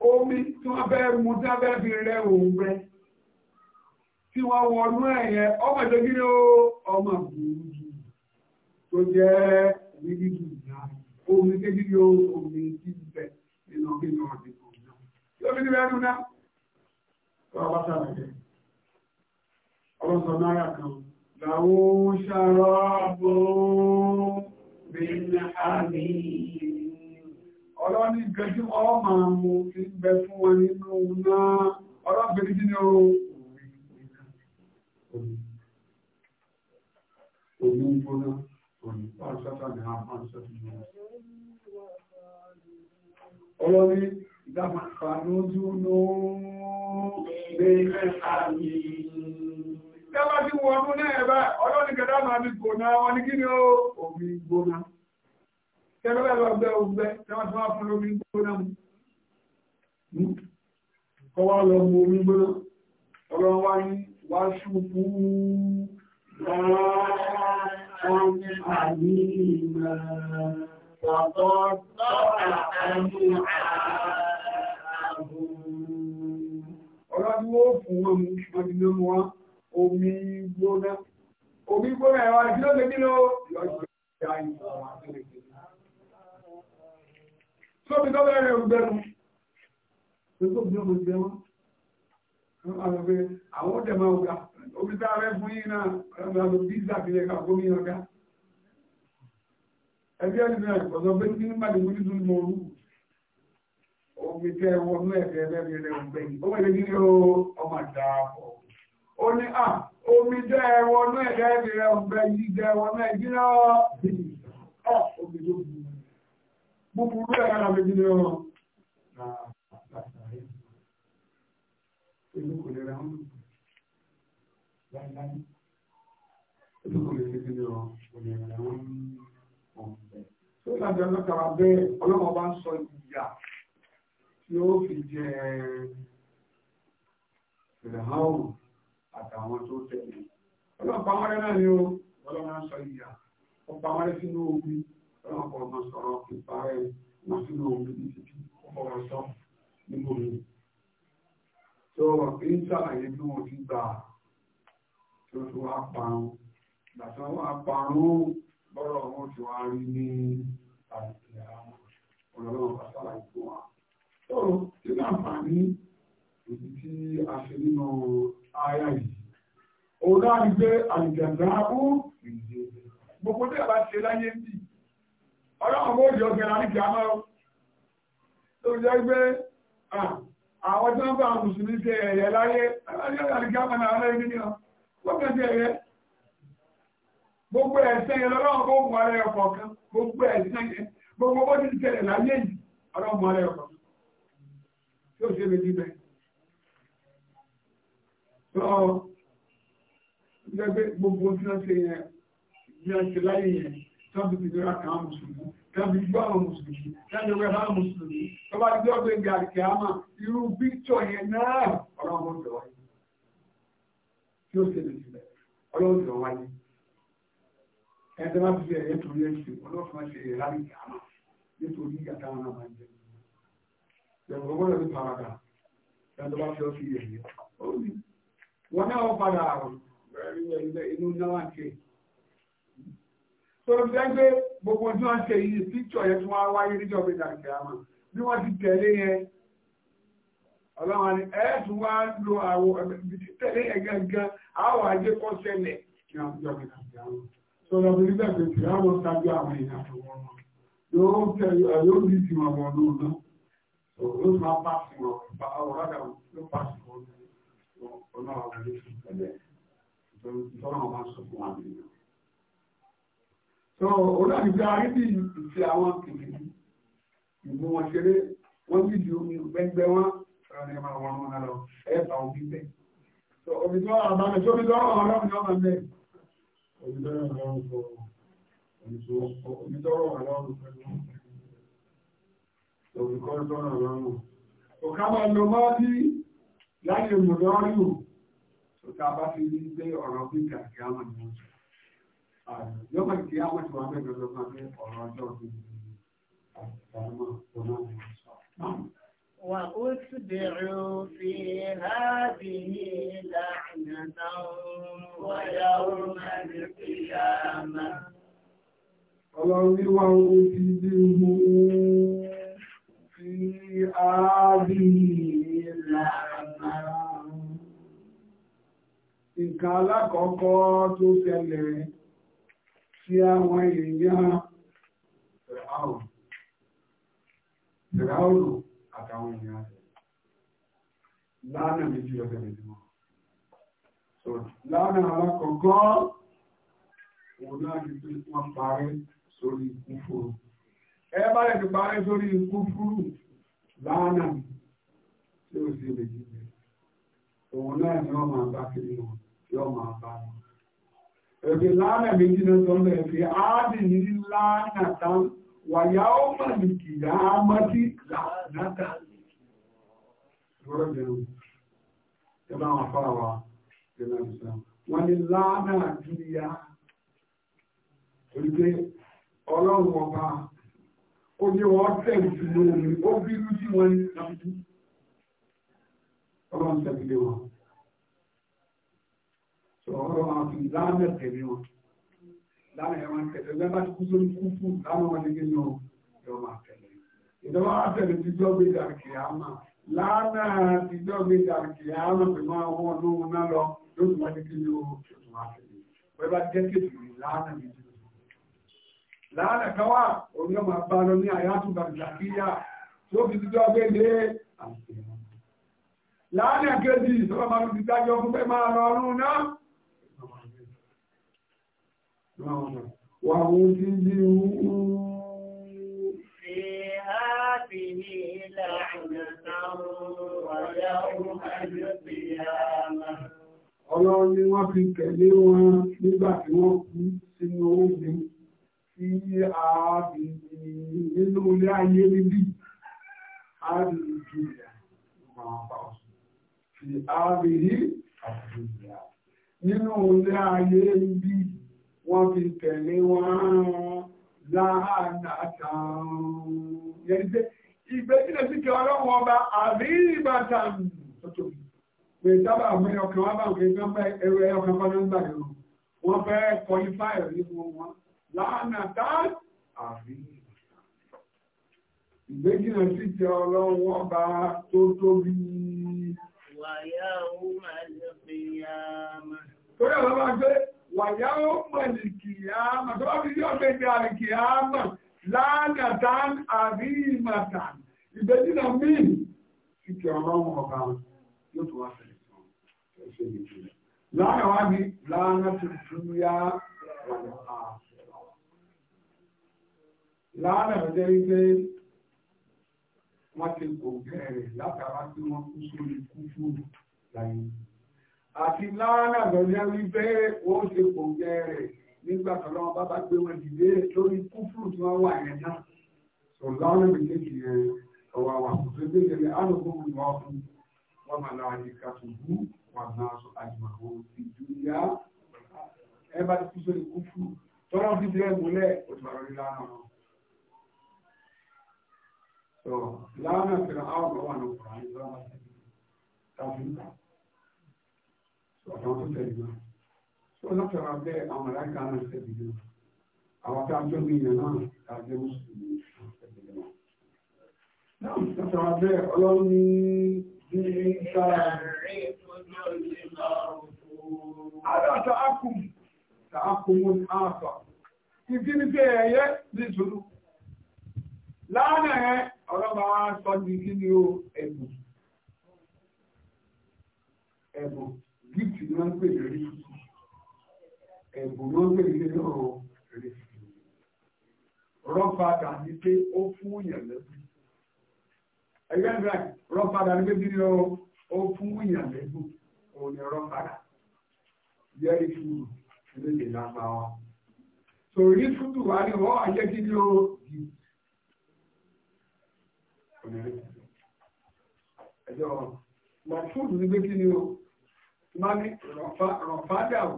omi tí wọ́n bẹ́ mú tí wọ́n tí wọ́n ọmọ burú jù tó jẹ́ omi jù ìyá omi kéjì yóò omi tí ń bẹ nínú ọgbẹ́ ní ọ̀dẹ̀ kan náà tí omi ti bẹ́ẹ̀ dún náà tó a bá sàlàyé ọlọ́sọ náírà ọlọ́ni gẹjú ọmọ mú kí ń bẹ fún wọn nínú náà ọlọ́bìnrin jí ni ó rí omi gbóná òní pàṣẹta ní àpáṣẹ tuntun olórí ìdámàfà lójú lóòrùn Tẹ́bá tí wọ́n mú náà ẹ̀bá ọlọ́ni kẹta máa bí gbóná wọn ní kí ni ó omi gbóná. Tẹ́bá lọ gbẹ́ ogbẹ́ tẹ́bá tí wọ́n fún lómi gbóná mú. Kọ́wọ́ lọ mú omi gbóná. Ọlọ́run wá ní wá ṣùkú عليما وضرع Ọlọ́dún ó fún wọn mú ọdún mú wọn omi gbóná. Omi gbóná ẹ̀wà tí ó lè nílò lọ́jọ́ ìjà ìjọ àwọn àtẹ́lẹ̀kẹ́. Sóbi tó bẹ̀rẹ̀ ògbẹ̀rún. Sóbi tó bẹ̀rẹ̀ ògbẹ̀rún. Àwọn ọdẹ máa gbà. omi tá a rẹ na yìí náà ọ̀rọ̀ àti pizza fi yẹ ká gómìnà ká ẹgbẹ́ ẹni ní mọ orú omi tẹ ẹwọ náà ẹ̀fẹ́ ẹ̀fẹ́ fi ń gbẹ̀yìn ó wẹ̀lẹ̀ kí ni a ọmọ àdàpọ̀ ó ní à omi tẹ ẹwọ náà ẹ̀fẹ́ fi ń tẹ ọ̀ omi tó bu búburú ẹ̀ kára láíláí ojú kò lè ṣe kí ni ọ kò lè rìn àwọn ọ̀nbẹ. tó ìlànà ọlọ́kàrà bẹ́ẹ̀ ọlọ́mọ bá ń sọ ìyà tí ó fi jẹ ìrìnàwò àtàwọn tó tẹ̀lé ọlọ́pàá náà ni ó ọlọ́mọ sọ ìyà ọ̀pá wọn sínú omi ọlọ́pàá sọ̀rọ̀ ìparẹ́ sínú omi ní títí ọkọ̀ tó tó wá parun gbàtà wá parun bọ́rọ̀ wọn tó wá rí ní àìsíyà ọlọ́run pàṣálà ìfò wa. tó tí láǹfààní èyí tí a ṣe nínú ara yìí òun náà rí pé àìjẹ̀dá ó gbogbo tí a bá ṣe láyé bì ọlọ́run bó yọ ọ̀gẹ̀rẹ̀ àríkì àmọ́ tó jẹ́ pé àwọn tí wọ́n bá mùsùlùmí ṣe ẹ̀yẹ láyé alájọ́ àríkì àmọ́ náà rẹ̀ nínú lọ́kẹ̀dẹ̀ rẹ gbogbo ẹ̀sẹ̀ yẹn lọ́wọ́ bó mú ara ẹ̀kọ̀ kan gbogbo ẹ̀sẹ̀ yẹn gbogbo bó ti tẹ̀lẹ̀ láyé yìí ọlọ́wọ́ mú ara ẹ̀kọ̀ tí ó ṣe méjì bẹ́ẹ̀. lọ gbẹgbẹ gbogbo tí wọ́n ṣe yẹn bí wọ́n ṣe láyé yẹn tí wọ́n fi ti gbéra kan mùsùlùmí tí wọ́n fi gbọ́ àwọn mùsùlùmí tí wọ́n fi wẹ́ tí ó ṣẹlẹ̀ sílẹ̀ ọlọ́run tó wáyé ẹ̀ẹ́dẹ́ bá fi ẹ̀yẹ torí ẹ̀ ṣe ọlọ́run máa ṣe ẹ̀yẹ láti kàmá nítorí ìyàtá wọn náà máa ń jẹ ẹ̀rọ gbọ́dọ̀ ní parada ẹ̀ẹ́dẹ́ bá fi ọ sí ẹ̀yẹ wọn náà wọ́n padà inú náà ṣe tó fi ẹgbẹ́ gbogbo tí wọ́n ṣe yìí píkṣọ̀ yẹn tí wọ́n wáyé níjọba ìdàgbẹ́ àmà bí wọ́n ti tẹ̀lé yẹn ọlọ́run ni ẹ̀ẹ́dùn wá lo àwọn títẹ̀lé ẹ̀gángan àwọn àjẹkọ́ sẹlẹ̀ kí wọ́n jọ mi kàbí àwọn sọ̀rọ̀ mi nígbà pé kí wọ́n sáájú àwọn èèyàn àtọwọ́ wọn yóò tẹ yóò ní ìtìmọ̀ wọn lóun náà ó sì máa bá fún wọn bá ọ̀rọ̀ àgbà ló bá fún wọn ọlọ́run àwọn ilé fún tẹ́lẹ̀ ìtọ́nà wọn máa sọ fún wọn nìyẹn. wọn ṣeré wọ́n bí ọ̀rọ̀ ẹ̀ma wọn múná lọ ẹ̀fà omi bẹ́ẹ̀. tó omi tó ọ̀rọ̀ àbámẹ́ tó omi tó ọ̀rọ̀ ọlọ́run ní ọmọ bẹ́ẹ̀. omi tó ọ̀rọ̀ ọlọ́run kọ omi tó ọ̀rọ̀ ọlọ́run pẹ̀lú omi kọ́ tó ọ̀rọ̀ ọlọ́run. òkà máa lo mọ́ọ́dí láyé mọ̀lọ́rù òkà bá fi ní pé ọ̀rọ̀ bí kàkí àmọ̀ ni wọ́n sọ. yọ́mọ̀ kí á wọ́n ti wà mẹ́rin lọ́gbọ́n pé وأتبعوا في هذه لعنة ويوم القيامة Ọlọ́run ní wà ó ti dé mú fi ààbí ìlànà. Nǹkan alákọ̀ọ́kọ́ tó ṣẹlẹ̀ sí àwọn èèyàn Fẹ̀ráùlù. Fẹ̀ráùlù àtàwọn ènìyàn àti lánà méjì lọ́sẹ̀ méjì so lánà alákọ̀ọ́kọ́ òun náà ni pé wọ́n parí sórí ikú fúru ẹ bá lè ti parí sórí ikú fúru lánà tí ó sì lè jíjẹ òun náà ni wọ́n máa bá kiri wọn tí wọ́n máa bá wọn ẹ̀bí lánà méjì náà sọ́lẹ̀ ẹ̀bí ó mà ní kìyà á sí lánà dáadáa lọ́rọ̀dẹ̀rù ẹgbẹ́ àwọn afáwà ìrìnà ìsìnà wọ́n ni láàrín àdúyà orípe ọlọ́run ọba ó ní wọ́n tẹ̀lú sí lórí ó bírú sí wọn ní àbújú ọlọ́run tẹ̀lé wọn sọ ọlọ́run àti láàrín tẹ̀lé wọn láàrín ẹ̀wọ̀n tẹ̀lé lẹ́bàá ti kú sórí kúkú láàrín wọn ìjọba àtẹ̀lẹ̀ tíjọ́ gbé dàkì àmà lánà tíjọ́ gbé dàkì àmà pẹ̀lú àwọn ọdún náà lọ ló tún wájú kí ló tún wá sílẹ̀ pẹ̀lú bá jẹ́ kéèkì lánà méjì lánà káwà òun yóò máa bá lọ ní àyàtúgbà ìdàkíyà tó fi tíjọ́ gbé dé àti láàrin àkejì ìsọ́lọ́ máa ti dájọ́ fún pé máa lọ ọrún náà wà wọ́n ti ń di oòrùn عليه لعنة ويوم القيامة Ọlọ́run ni wọ́n fi kẹ̀lé wọn nígbà tí wọ́n kú sínú oúnjẹ tí a bìí nínú ilé ayé níbí. A rí ìjú ìyá máa Fi a rí àti ìyá. Nínú ilé ayé níbí, wọ́n fi kẹ̀lé wọn láàrín àtàrùn. Yẹ́n ìgbésílẹ̀ sí kí ọlọ́run ọba àbí ìbàtà pé sábà mú ọkàn wá bá òkè tó ń ẹrù ẹ ọkàn bá ló ń gbà lọ wọn fẹ́ kọlífà ẹ̀ nínú wọn lánà tá àbí ìgbésílẹ̀ sí kí ọlọ́run ọba tó tóbi. wàyà ó máa lè fi yá torí ọ̀la bá gbé wàyà ó máa lè kì í yá tó bá fi yọ̀ pé ìgbé àlè kì í yá lágàtàn àríìmàtàn ìbẹ̀dínà míì sí kí ọlọ́run ọba yóò tó wá fẹ̀lẹ̀ sí wọn ẹ̀ṣẹ́ ìjìnlẹ̀ láàrín wá ní láàrín tó tún yá wọ̀nyọ̀ láàrín ọjọ́ ilé wọ́n ti kò gẹ̀ẹ́rẹ̀ látara tí wọ́n kú sórí kú fúrù láyé àti láàrín ọjọ́ ilé wọ́n ti nígbà tó lọ́wọ́ bá bá gbé wọn dìde lórí kúfùrù tí wọ́n wà yẹn náà sọ̀rọ̀ lọ́wọ́ méjèèjì yẹn ọ̀wà wà kò tó gbégbé rẹ̀ alùpùpù ni wọ́n fún wọn máa lọ àyíká tó bú wọn náà sọ àjùmọ̀kò ìdúnyà ẹ bá ti kú sórí kúfùrù tọ́lá fi fi ẹ̀ múlẹ̀ òtún àrọ̀ nílá náà. sọ láàmà fẹ̀rẹ̀ àwọn ọ̀gbọ̀n wà ní ọ̀gbọ̀n àyíká wọn tó látara bẹ́ẹ̀ àwọn alága náà ṣẹ̀bi náà àwọn tá a tó ní ìyẹn náà tá a jẹ́ mùsùlùmí ṣẹ̀bi náà. náà látara bẹ́ẹ̀ ọlọ́run ní bí sára. àdá tààkùn tààkùn mú ní àfà ìdí ni pé ẹ̀yẹ ní ìṣòro láàárín ẹ̀ ọlọ́ba wa sọ ní kí ni ó ẹ̀bùn ni wọ́n ẹ̀bùn ló gbé ilé lọ́rọ̀ rẹ̀ rọ́fàdà ní pé ó fún ìyàn lẹ́bùn ẹgbẹ́ ìgbà rọ́fàdà ní pé bí ó fún ìyàn lẹ́bùn òun ni rọ́fàdà yẹ́rì fúrù ilé lè lápá wa so rí fúrù wá ní wọ́n ayé kí ni ó di ẹjọ́ mọ̀ fúrù ní pé kí ni ó máa ní rọ̀fàdà wù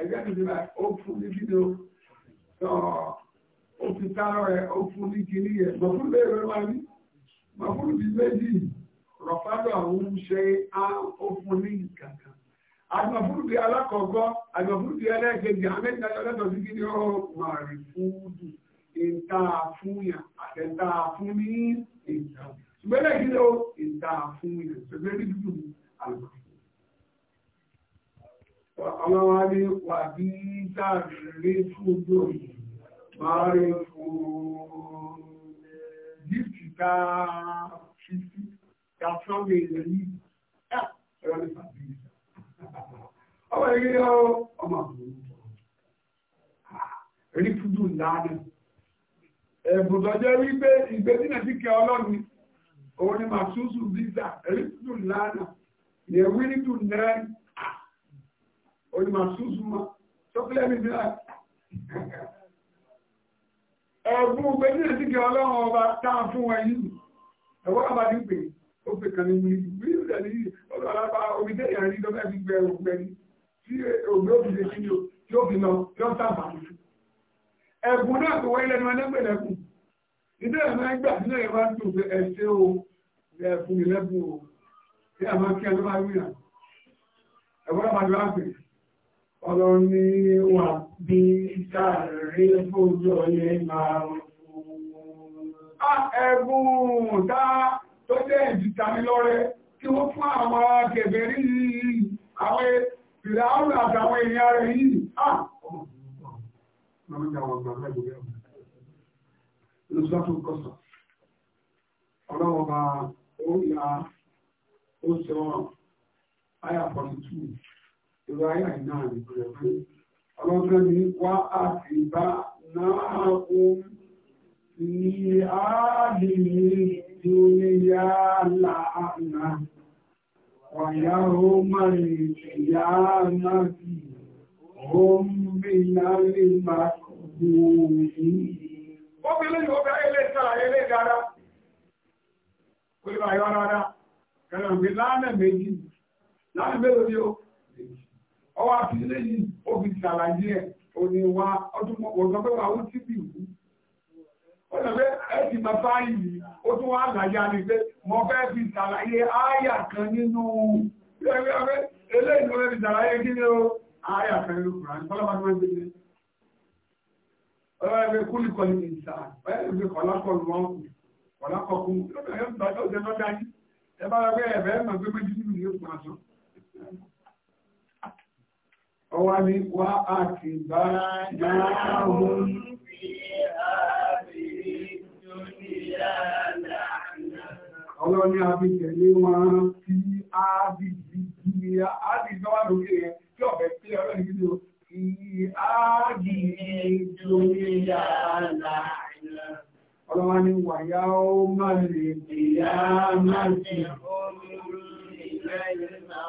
ẹgbẹ́ mi ti bá ó fún ní fídíò tó ó fi tárọ̀ ẹ̀ ó fún ní kiri yẹ mọ̀fún léèrè wá ní mọ̀fún bíi méjì rọ̀fádọ̀ àwọn ṣe á ó fún ní kankan àgbàfún bíi alákọ̀ọ́gọ́ àgbàfún bíi ẹlẹ́ẹ̀kejì àmẹ́ta lọ́dọ̀ sí kiri ó wà fúdù ìta fún yàn fún ní ìta ṣùgbọ́n ẹlẹ́ẹ̀kejì ó ìta fún yàn ṣùgbọ́n ẹlẹ́ẹ̀kejì ó àlùkò ọlọ́wà ní wà bí sáàrí fúgbò máa rí fún jíìtì ká fífí ká sọ́mì ilẹ̀ yìí ẹ̀rọ ní pàtí ọmọ ìgbé ọmọ àbúrú rí fúgbò láàrín ẹ̀bùdọ̀jẹ́ wípé ìgbésínà sí kẹ ọlọ́ni òun ni màṣúsù visa rí fúgbò láàrín ìyẹ̀wí rí fúgbò láàrín orí máa súnmọ́ chocolate milk ẹ̀bùn pé ní ẹ̀sìnkẹ́ ọlọ́run ọba táà fún wọn ẹ̀wọ́n ọba ti pè ó pè kan ní wíìlì wíìlì ní ọ̀dọ̀ tí ògbé òfin kí tí ó ẹ̀wọ́n ọba ti wá ọlọ́run ní wà bí káàrí fòjò lè máa ẹ̀bùn dá tó jẹ́ ìjìtàmílọ́rẹ́ kí wọ́n fún àwọn akẹ̀bẹ̀ rí àwọn ìlàáwùn àtàwọn èèyàn rẹ̀ yìí Ọlọ́wọ́ bá ó yá ó sọ àyà 42 irú ayé náà ní ìpìlẹ̀ fún ọlọ́dún ní wá àfìbá náà ohun ní ààbìlì dúníyà láàánà wàyá rómàrì ìyá náà bí gómìnà lè ó fi lóyún ó kó ọwọ́ àfihàn yìí ó fi ṣàlàyé ẹ̀ òní wa ọdún ọ̀sán pé wà ó sì bì wú. ó lọ pé ẹ ti yìí ó tún wá àgbàjá ni pé mo fẹ́ fi ṣàlàyé áyà kan nínú eléyìí ló fẹ́ fi ṣàlàyé kí ni o áyà kan nínú kùrán tọ́lọ́pàá tó ń gbé ní. ọlọ́run ẹgbẹ́ kúlìkọ́ ní ìsà ẹgbẹ́ kọ́lákọ́ lù kù kọ́lákọ́ ọwá ní wá àti bá ọlọ́ni àbíkẹ̀lé wọn tí ábìdì ní ábìdì lọ́wọ́ lókè rẹ̀ tí ọ̀bẹ̀ tí ọ̀rọ̀ ìgbìdì ó ọlọ́wọ́ ó máa lè náà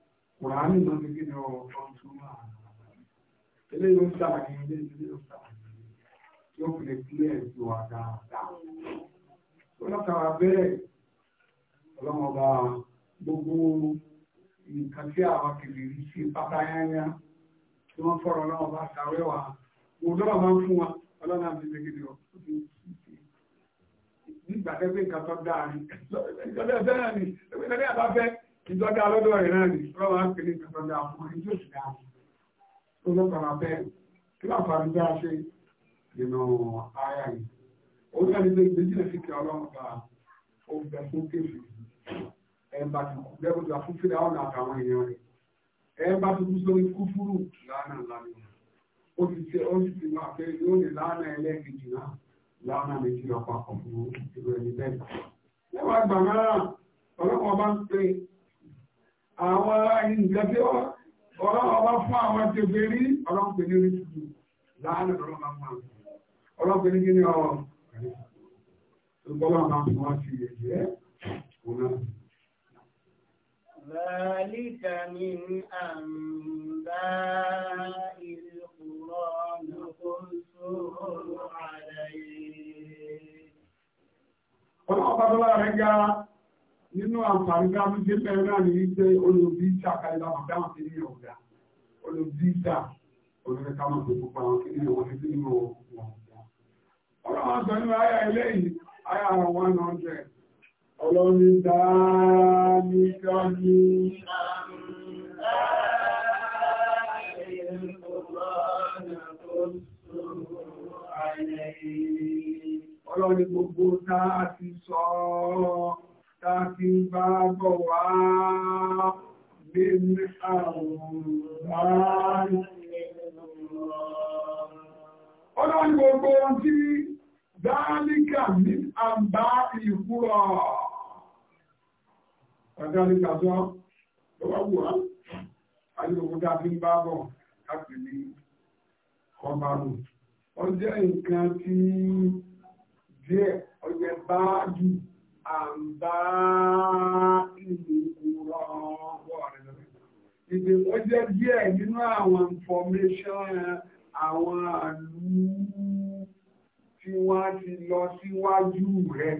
Kùránì ló ní kí ni ọ̀rọ̀ túnmọ̀ ilé yóò sàmì ilé ilé yóò sàmì yóò fi lè kílẹ̀ ju wa dáadáa. Olọ́kàwà bẹ́ẹ̀ ọlọ́mọba gbogbo nǹkan tí àwọn kìlì rí sí pátá yányá tí wọ́n fọ̀rọ̀ ọlọ́mọba sàwẹ́wà òdọ́rọ̀ máa ń fún wa ọlọ́nà àti ìgbẹ́gẹ́dẹ́ ọ̀tún nígbà tẹ́gbẹ́ nǹkan tó dáa ni ìjọba ẹ̀fẹ́ náà ni ìjọba ẹ̀fẹ́ náà bá fẹ́ ìjọdá lọ́dọ̀ rẹ̀ náà ní ọlọ́wọ́ àpẹẹrẹ ìjọdá fún ẹni tó sì dá ọlọ́pàá bẹ́ẹ̀ kí wọ́n fa nígbà ṣe nínú ara yìí òun náà ní gbé jìnnà sí kí ọlọ́run bá òun bẹ fún kéfì ẹ̀ǹbà tó kú bẹ́ẹ̀ bá fún fídà ọ̀nà àtàwọn èèyàn rẹ̀ ẹ̀ǹbà tó kú sórí kúfúrú lánà lánà ó ti ṣe ó sì ti máa fẹ́ yóò lè lánà ẹlẹ́ẹ̀kejì náà lánà méjì lọ́pàá pọ̀ fún ìrọ̀ ẹni bẹ́ẹ̀ lẹ́wọ̀n àgbà ọlọ́pàá bá ń pè àwọn nǹkan tí ọlọ́run ọba fún àwọn tí ó fi rí ọlọ́run ní orí tuntun láàrín ní kí ni ọ̀rọ̀ ìgbọ́lọ́ máa fún wá sí ẹ̀jẹ̀ òun tó bá rẹ̀ ga nínú àǹfààní gábí tí bẹ́ẹ̀ náà ní wípé olùbíjà kàìlá àbáwọn ní ọ̀gá gbogbo ní nínú a ti sọ tàbí bá bọ̀ wá nínú àwọn ọlọ́run gbogbo ohun tí dáálíkà ní àbá ìfúrọ̀ ọ̀dáríkà tó lọ́wọ́ wà ayélujára tàbí bá bọ̀ láti ní kọmarù ọjọ́ nǹkan tí díẹ̀ ọjọ́ bá jù àǹbá ìlú kúrọ̀ ìdè wọ́n jẹ́ díẹ̀ nínú àwọn information àwọn àlú tí wọ́n ti lọ síwájú rẹ̀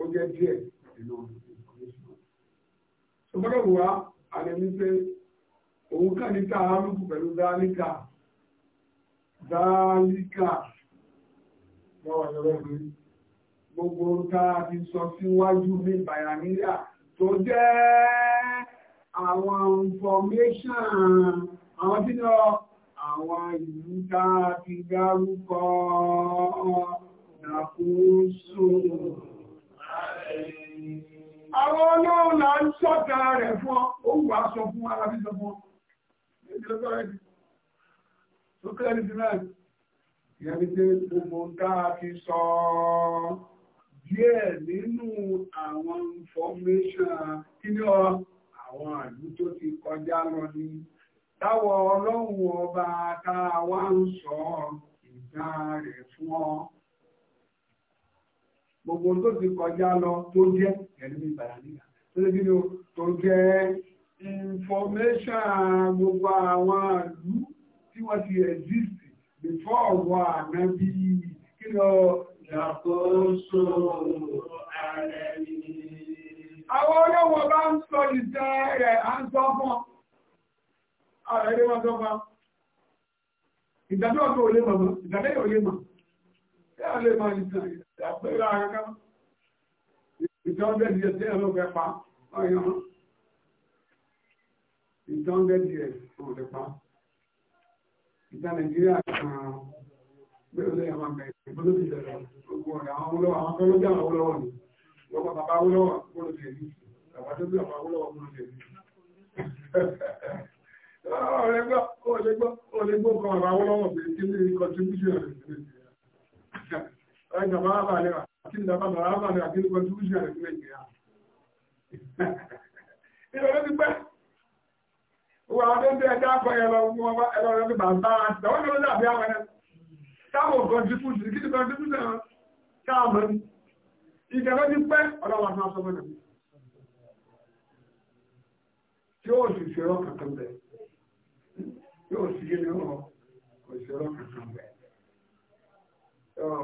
ó jẹ́ díẹ̀ nínú information. ṣùgbọ́n wà àlẹ́mí pé òun kàn ní tààrùkù pẹ̀lú dáríkà dáríkà lọ́wọ́ ìjọba ìgbéyìí gbogbo táa fi sọ síwájú ní bàyàníyà tó jẹ́ àwọn information àwọn tí lọ àwọn ìlú táa fi dárúkọ nàkóso àwọn ọlọ́run là ń sọ́ta rẹ̀ fún ọ ó wà sọ fún alábísọ fún ọ Sókè ẹni ti náà, ìyẹn ni pé gbogbo ń dáa fi sọ wọn ni táwọ ọlọ́run ọba tá a wá ń sọ ìgbà rẹ̀ fún ọ gbogbo tó ti kọjá lọ tó jẹ́ pẹ̀lú ìbàdàn nígbà tó lè gbìyànjú tó jẹ́ information gbogbo àwọn ìlú tí wọ́n ti exist before ọ̀rọ̀ ànábì. ó lè mọ̀ kí a lè mọ̀ nìkan ìdàpẹ́rẹ́ ara kan ìtọ́jẹ́ díẹ̀ tí ẹ̀rọ fẹ́ pa ọ̀yàn ìtọ́jẹ́ díẹ̀ ọ̀rọ̀ lè pa ìta nàìjíríà kan bẹ́ẹ̀ lè àwọn àgbẹ̀ ìgbólóbìlẹ̀ gbogbo ọ̀rọ̀ àwọn olówó àwọn tó ló jẹ́ àwọn olówó ni gbogbo bàbá olówó kí ló contribution rẹ̀ sí nàìjíríà ìrọ̀lẹ́ ti pẹ́ owó àwọn tó ń tẹ́ ẹ̀dá akọ ẹ̀rọ ẹ̀rọ ẹ̀rọ ti bàbá àtàwọn tó ń dàbí àwọn ẹ̀ táwọn contribution kí ni contribution rẹ̀ táàmù ìjọba ti pẹ́ ọlọ́wọ́ àti ọ̀sọ́ mọ́nà tí ó sì ṣe ọkàn kan bẹ̀ yóò sì yé ní ọ̀rọ̀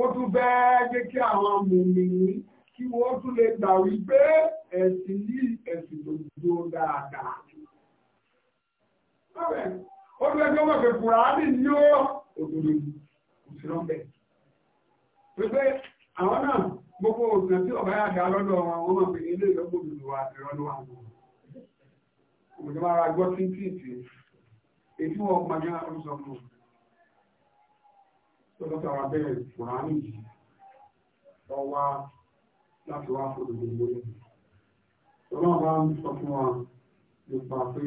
ó tún bẹ́ẹ̀ jẹ́ kí àwọn mùmìnì kí wọ́n tún lè gbà wípé ẹ̀sìn yìí ẹ̀sìn tó dúró dáadáa. ó tún ẹjọ́ mọ̀ pé kùránì ní ó òdòdó òṣìṣẹ́ ọ̀bẹ. pépé àwọn náà gbogbo òṣìṣẹ́ tí ọ̀bá yàgá lọ́dọ̀ wọn wọ́n mọ̀ pé ilé ìlọ́gbọ̀n òdòdó wa ìrọ́lọ́wọ́ àwọn. òṣìṣẹ́ máa ra gbọ́ tíntìntì èyí wọ́n mọ̀ ní àwọn ọ̀sán náà tó lọ́tà wa bẹ́ẹ̀ kùránì yìí ọwá láti wá fòdò gbogbo rẹ̀. Ọlọ́run bá ń sọ fún wa nípa pé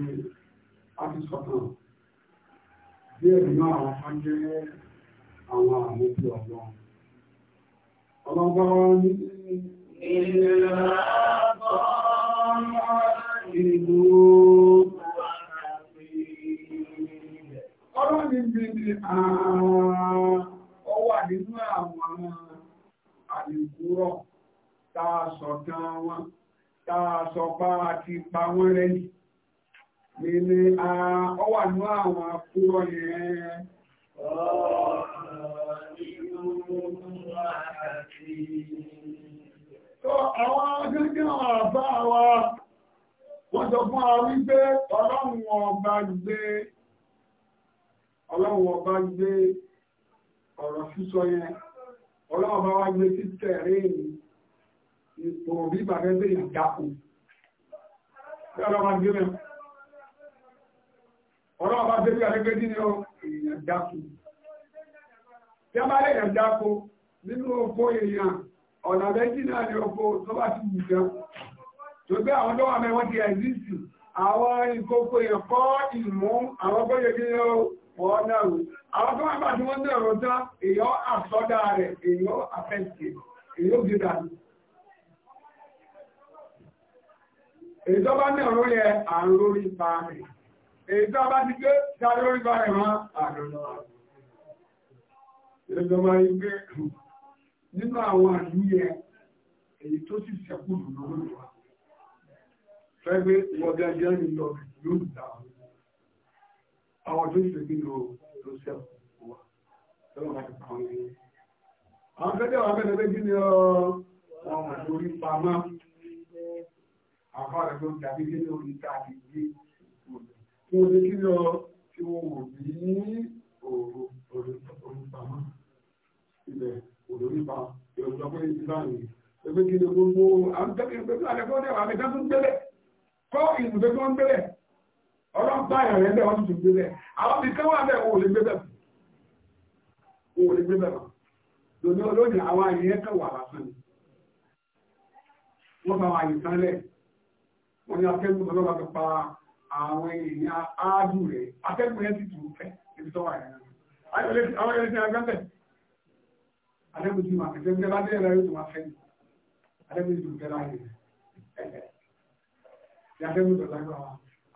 a ti sọ̀tàn díẹ̀ nínú àwọn fáńjẹ́ àwọn àmójú ọ̀gbọ́n. Ọlọ́run bá wá ní ìlera ìlú ọlọ́run bí i ààrùn nínú àwọn àdìkúrọ̀ tá a sọ̀tàn wọn tá a sọ pa àti pa wọ́n rẹ̀ ní ni ọ wà ní àwọn akúrọ̀ yẹn Àwọn agẹ́gẹ́ àbá wa, wọ́n jọ fún a wípé ọlọ́run ọba gbé, ọlọ́run ọba gbé ọ̀rọ̀ sísọ yẹn ọlọ́run bá wá gbé sí tẹ̀rẹ́ẹ̀nì ipò bíbà fẹ́ bẹ́ẹ̀ dákò bí ọlọ́run bá gbé mẹ́rin ọlọ́run bá gbé bíbà fẹ́ bẹ́ẹ̀ dín èèyàn dákò tí a bá lè yàn dákò nínú oko èèyàn ọ̀nà méjì náà ni oko tó bá ti wù jẹun tó gbé àwọn tó wà mẹ́wọ́n ti ẹ̀zísì àwọn ìkókò èèyàn kọ́ ìmú àwọn gbọ́dọ̀ kí ni ó wọ́n náà rò àwọn tó wọ́n bá tí wọ́n bẹ̀rọ já èyàn àsọ́dá rẹ̀ èyàn àfẹ́ǹtì èyàn gbígbà ìjọba ní ọ̀rọ̀ yẹ àrùn lórí ipa rẹ̀ ìjọba ti gbé sáré lórí ipa rẹ̀ wọ́n àrùn lọ́wọ́ ìjọba ìgbé nínú àwọn àníyẹ èyí tó sì sẹ́kù lórí wa fẹ́gbé wọ́gẹ́gẹ́ nílọ gbé lórí social wa tọ́lọ́ bá ti pa wọn lẹ́yìn. àwọn akẹ́kẹ́ wa bẹ̀rẹ̀ méjì ni wọ́n mọ̀ lórí pamọ́ àwọn àrẹ̀ tó dàbí kí ní orí tá a ti gbé kí wọ́n ti kí ni ọ tí wọ́n wò ní òòrùn pamọ́ ilẹ̀ òdòrí pa èròjọ pé ìlànà ẹgbẹ́ kí ni gbogbo àwọn akẹ́kẹ́ wa bẹ̀rẹ̀ tó ń gbẹ̀rẹ̀ kọ́ ìlú ọlọ́run bá ẹ̀rẹ̀ bẹ́ẹ̀ wọ́n ti tún gbé bẹ́ẹ̀ àwọn ibì kan wà bẹ́ẹ̀ wọ́n ò lè gbé bẹ́ẹ̀ wọ́n ò lè gbé bẹ́ẹ̀ mọ́ lónìí olóòjì àwọn àyẹ̀yẹ́ kan wà lásán ni wọ́n bá wà yìí sálẹ̀ wọ́n ní akẹ́kọ̀ọ́ tó bá fi pa àwọn èèyàn áádùn rẹ̀ akẹ́kọ̀ọ́ yẹn ti tù ú fẹ́ ibi tó wà yẹn àwọn ẹ̀rẹ́ ti àgbẹ̀ bẹ́ẹ̀ adẹ́kùn ti máa fẹ́ fẹ́ bá dé ẹ̀rọ yóò tó máa fẹ́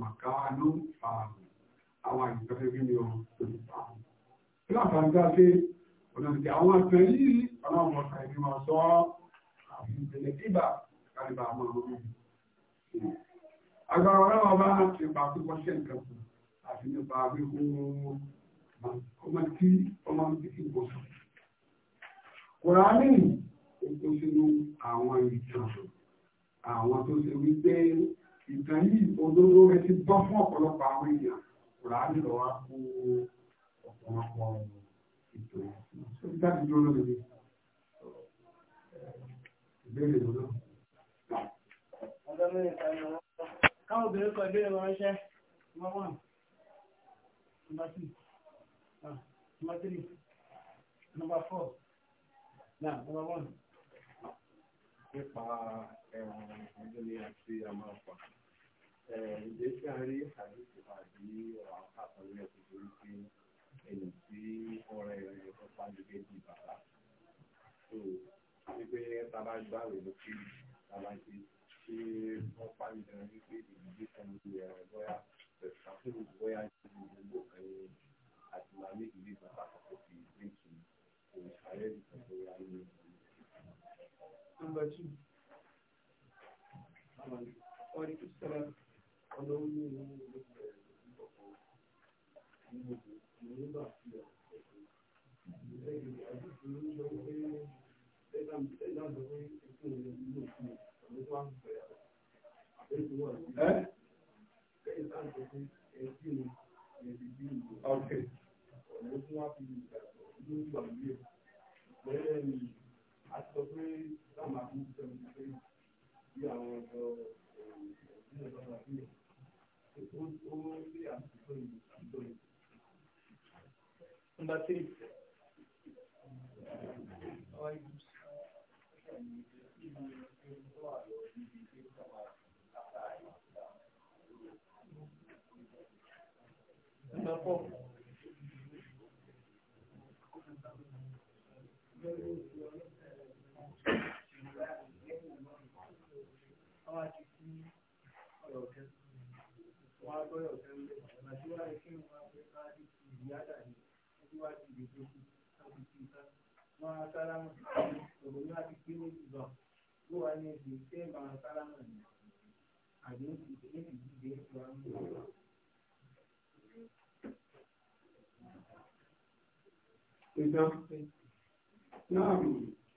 màkánú fàánù àwọn àgbẹ̀fẹ́ bí mi ò fàánù. Kí láǹfààní dá sí ọ̀dọ̀dẹ̀ àwọn àgbẹ̀ yìí ọlọ́run ọ̀sán ìlú wọn sọ àfi ìpele kíbà kálíbà àwọn ọmọ mi. Agbára ọlọ́run bá ti pa pípọ́ sí nǹkan kù àti nípa wíwú ọmọ tí ọmọ tí kì í sọ. Kùránì ó kó sínú àwọn ìtàn àwọn tó ṣe wípé ìtàn yìí olóró rẹ ti bọ́ fún ọ̀pọ̀lọpọ̀ àwọn èèyàn rà á nílò wá kó ọ̀pọ̀lọpọ̀ ètò ìgbà tí ó lóore ìbéèrè lọ́nà. káwọn obìnrin kan ìbéèrè wọn ránṣẹ́ number one number two ah, number three number four number one nípa ẹ̀ẹ́dẹ́lé àti àmàfà ǹjẹ́ tí a rí àdúgbò àbí ọ̀rọ̀ àkàtọ̀ lórí ẹ̀kọ́ torí pé ẹni tí ọ̀rẹ́ rẹ̀ tó pàdé méjì bàbá tó wípé tábà gbàwé lókè tábà ti ṣe wọ́n pàdé dandan wípé ìdílé kan ní ẹ̀rọ bóyá pẹ̀lú àfihàn bóyá gbogbo ẹ̀yìn àti màmí ìdílé bàbá kan tó fi gbé. number two. Or you could set up a low Eh? Okay àtọ pé Náà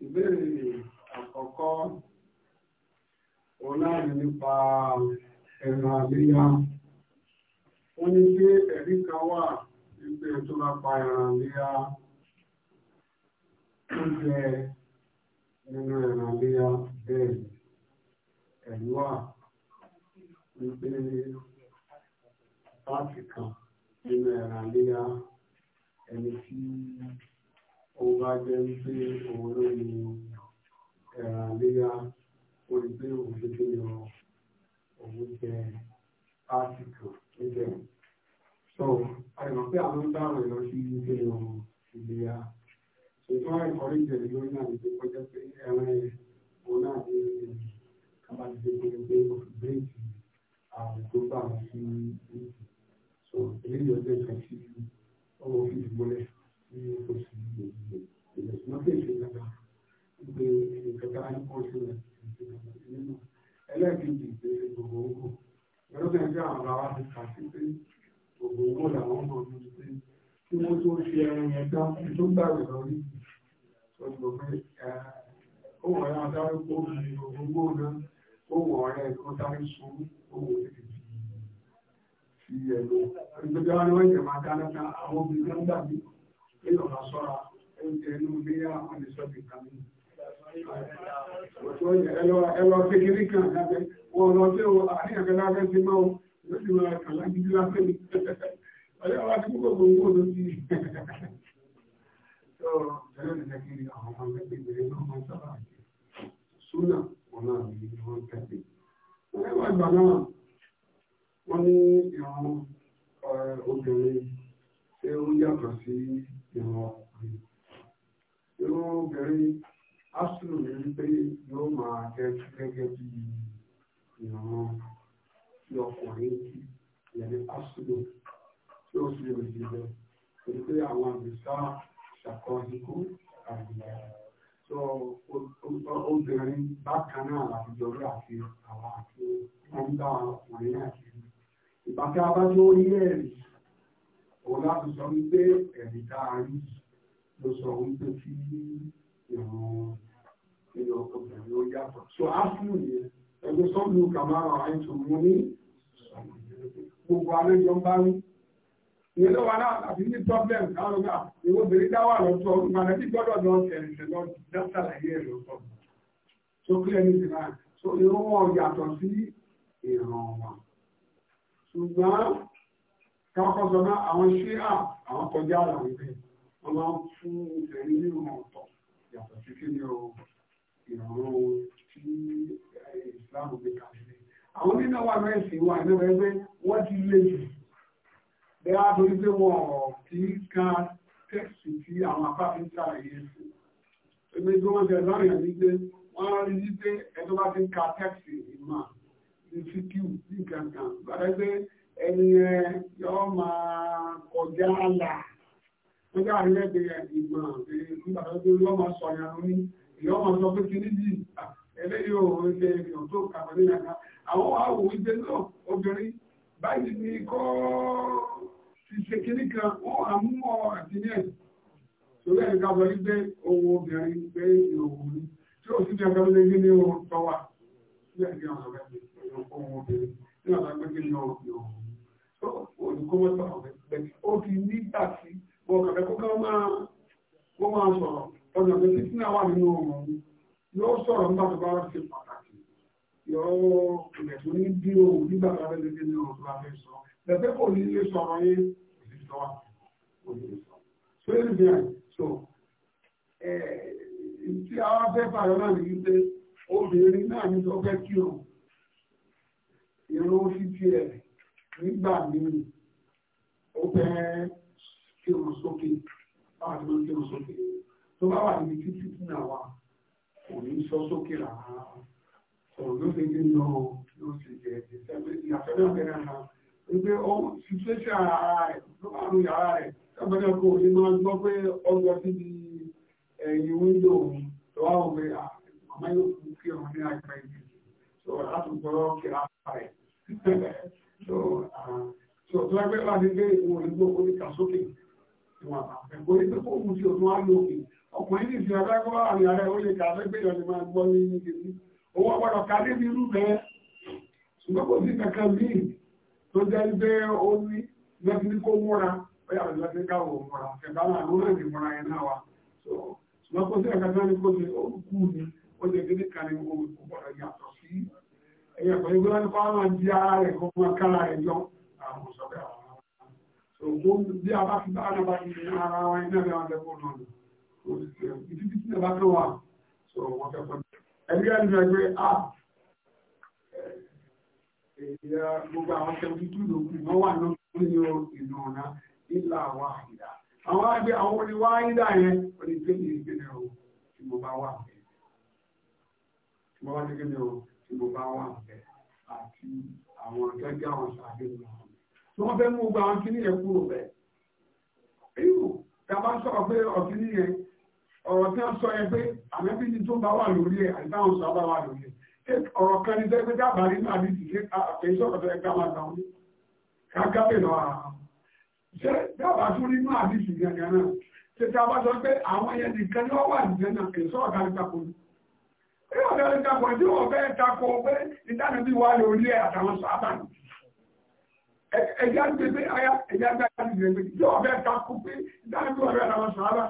ìbéèrè àkọ́kọ́ òun náà nípa ẹ̀rọ àríyá wọ́n ní ṣé ẹ̀rí kan wà wípé tó bá pa ẹran léyà tó jẹ nínú ẹran léyà bẹ́ẹ̀ ẹ̀rí wà wípé láti kan nínú ẹran léyà ẹni tí ó bá jẹ́ wípé òun ló ní ẹran léyà ó rí pé òun ló jẹ́ òun jẹ láti kan ẹ̀jẹ̀ so àìmọ̀ pé àwọn ń dáhùn lọ sí ilé ọ̀hún ìlera ṣètò àìkọ́rí ìjẹ̀lẹ̀ lórí náà nígbà tó jẹ́ pé ẹran ẹ̀ òun náà ní kábàdìdé pé bíréèkì àwọn tó bá wọn sí bíréèkì so eléyìí ọjọ́ ìkan sí ọwọ́ fi ìgbọ́lẹ̀ ní oṣù ìgbésí náà fèsì nígbà gbé ìkẹta ní kọ́ọ̀sì rẹ̀ ẹlẹ́ẹ̀kejì ìgbésí náà. àwọn làwa ti ka site pé ni wọ́n jẹ̀ máa àwọn obìnrin dàbí ọ̀nà sọ́ra àwọn lójú wa kàlá gidi lásán ní ọjọ́ wa ti púpọ̀ gbogbo owó lójú yìí. tó ṣẹlẹ̀ ní kí àwọn ọmọ ẹgbẹ́ ìbẹ̀rẹ̀ náà máa sábà jẹ súnà wọn náà ní wọn tẹ̀lé. wọ́n ní wàá gbà náà wọ́n ní ìran obìnrin ṣé ó yàtọ̀ tí ọkùnrin kí ìyẹn ní pásítọ̀ tí ó sì lè jù lọ torí pé àwọn àgbèsá ṣàkọsíkú àgbèyà tó obìnrin bákan náà àwùjọ rẹ àti àwọn àti nọ́mbà ọkùnrin àti ìbátan abájọ orí ẹ̀rí òun láti sọ wípé ẹ̀rí tá a rí ló sọ wípé kí ìrùn ìrùn ọkùnrin ó yàtọ̀ so áfíù yẹn ẹgbẹ́ sọ́ọ̀lù kàmáà àìsàn mú ní gbogbo àlejò ń bá wí. ìyẹn ló náà àti ní problem káwọn ọgbà ìwé obìnrin dá lọ́tọ́ ìgbàlẹ́ bí gbọ́dọ̀ lọ tẹ̀lé lọ dátàlàyé ẹ̀ lọ́tọ́. so clear ní ìlà so ìrún wọn yàtọ̀ sí ìràn wọn. ṣùgbọ́n káwọn sọ náà àwọn ṣé à àwọn kọjá àwọn ìwé wọn máa ń fún ìrìn nínú ọ̀tọ̀ yàtọ̀ sí kí ni o ìrànwọ́ tí ìsìláàmù eh, gbé kalẹ̀ àwọn onínáwà mẹ́sì wà níwọ̀ ẹgbẹ́ wọ́n ti lè jù bẹ́ẹ̀ á torí pé wọ́n kì í ka tẹ́sì tí àwọn apáfin ṣàlàyé sí ẹgbẹ́ tí wọ́n jẹ lọ́rìn àti pé wọ́n rí i pé ẹjọ́ bá ti ń ka tẹ́sì ìmọ̀ ní síkìú ní kankan gbàdẹ́ pé ẹni yẹn yọ máa kọjá là wọ́n jẹ́ àrílẹ̀ pé ìmọ̀ nígbà tó yọ máa sọ̀yàn ní ìyọ́ máa sọ pé kí eléyìí òun ilé ènìyàn tó kàwé ní àná àwọn àwò ìgbé náà obìnrin báyìí ni kọ́ ṣiṣẹ́ kìíní kan wọ́n á mú ọ àti ní ẹ̀ sórí ẹ̀ ká sọ wípé owó obìnrin pé ìròwò ni tí ó sì ní ọ̀gá lé ní ohun tó wà sí ẹ̀gbẹ́ àwọn ọ̀gá mi ohun obìnrin ní ọ̀gá pé kí ni ọ̀gá ìròwò ni tó olùkọ́mọ́tò ọ̀gá pẹ̀lú ó ti nígbà sí wọn kàfẹ́ kó kọ́ máa sọ̀rọ̀ ọ̀nà pé títí náà wà nínú ọmọ mi yóò sọ̀rọ̀ nígbà tó bá ṣe pàtàkì yóò ilẹ̀ tó ní bí òun nígbà tó bá fẹ́ ní ọ̀rọ̀ tó bá fẹ́ sọ bẹ̀fẹ́ kò ní lè sọ̀rọ̀ yé kò sí sọ kò ní lè sọ. so yẹn bí i so eh, tí a wá fẹ́ fàyọ náà ní wípé obìnrin náà ní tó fẹ́ kí o irun sí tiẹ̀ nígbà míì ó fẹ́ kí o sókè báwa ti máa ń kí o sókè tó bá wà níbi títí náà wà kò ní sọ sókè rárá ọ̀rọ̀ ló ṣe gbé lọ ló ṣe jẹ ìyàfẹ́lẹ́ ọ̀gẹ́rẹ́ ara wípé ọ̀hún situation ara rẹ̀ ló máa ń yàrá rẹ̀ sábẹ́lẹ́ ọkọ̀ òní máa gbọ́ pé ọgbọ́n síbi ẹ̀yìn wíńdò òun tó wá òun pé màmá yóò fún kí ọ̀hún ní àgbà ìdí so láti gbọ́rọ̀ kíra rẹ̀ so so tó lágbẹ́ láti gbé ìwọ̀n ìgbó oníkà sókè ìwọ̀n àpẹ̀kọ́ ìgbẹ́kọ̀ọ́ ọkùnrin ní ìsìn abẹ́gbọ́ àmì ààrẹ ó lè kàfẹ́ pé ìyọ̀lẹ̀ máa gbọ́ ní ìgbésí owó ọgbọ́dọ̀ ká débi irú bẹ́ẹ̀ ṣùgbọ́n kò sí kankan míì tó jẹ́ pé ó ní lọ́sí ní kó múra ó yàtọ̀ lọ́sí káwọ̀ múra náà ló rẹ̀ ní múra yẹn náà wa ṣùgbọ́n kò sí kankan ní kó ṣe ó kú ó lè dé ní di a ìdí tí a èyí àwọn seventy two lòkù wọ́n wà lórí ìlú ọ̀nà ìlà wa tí mo bá wà bẹ́ẹ̀ tí mo bá ní kíni o tí mo bá wà bẹ́ẹ̀ àti àwọn gẹ́gẹ́ àwọn sàgbé mi wọ́n fẹ́ mú gbogbo àwọn kíní yẹn kúrò ọ̀rọ̀ tí wọ́n sọ yẹ pé àmẹ́bí ni tó bá wà lórí ẹ̀ àìdáhùn sọ bá wà lórí ẹ̀ ọ̀rọ̀ kan ní sẹ́gbẹ́ dábàá nínú àdìsí ṣe àfẹ́sọ̀rọ̀ tó yẹ ká máa gbà wọ́n káká pè lọ àrà ṣe dábàá tún nínú àdìsí gangan náà ṣe tí a bá sọ pé àwọn yẹn nìkan ni wọ́n wà nìkan náà kì í sọ̀rọ̀ ká ní tako ní. ẹ ọ̀dọ́ ní tako tí wọ́n fẹ́ tako pé ìdáná bí wà lórí ẹ̀ àtàwọn sábà ní. ẹ̀yà ń gbé pé ẹ̀yà ń gbé pé yóò fẹ́ tako pé ìdáná bí wà lórí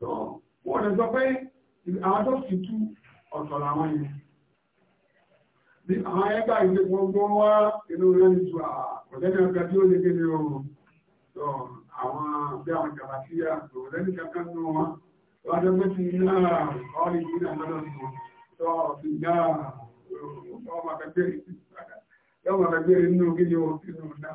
tó wọ́n lè sọ pé àwọn tó fi tú ọ̀tọ̀ làwọn yẹn ní àwọn ẹgbà ìgbé gbogbo wá inú rẹ̀ ní ju àkọ̀lẹ́ni ọ̀gá tí ó lè gé ní ọrùn tó àwọn bí àwọn ìjàmbá tí a lò lẹ́ni kankan nù wọn lọ́jọ́ pé ti ní ọ̀rìn yìí náà lọ́dọ̀ sí wọn tó fi dá ọmọ akẹgbẹ́ inú gíní ọ̀rùn náà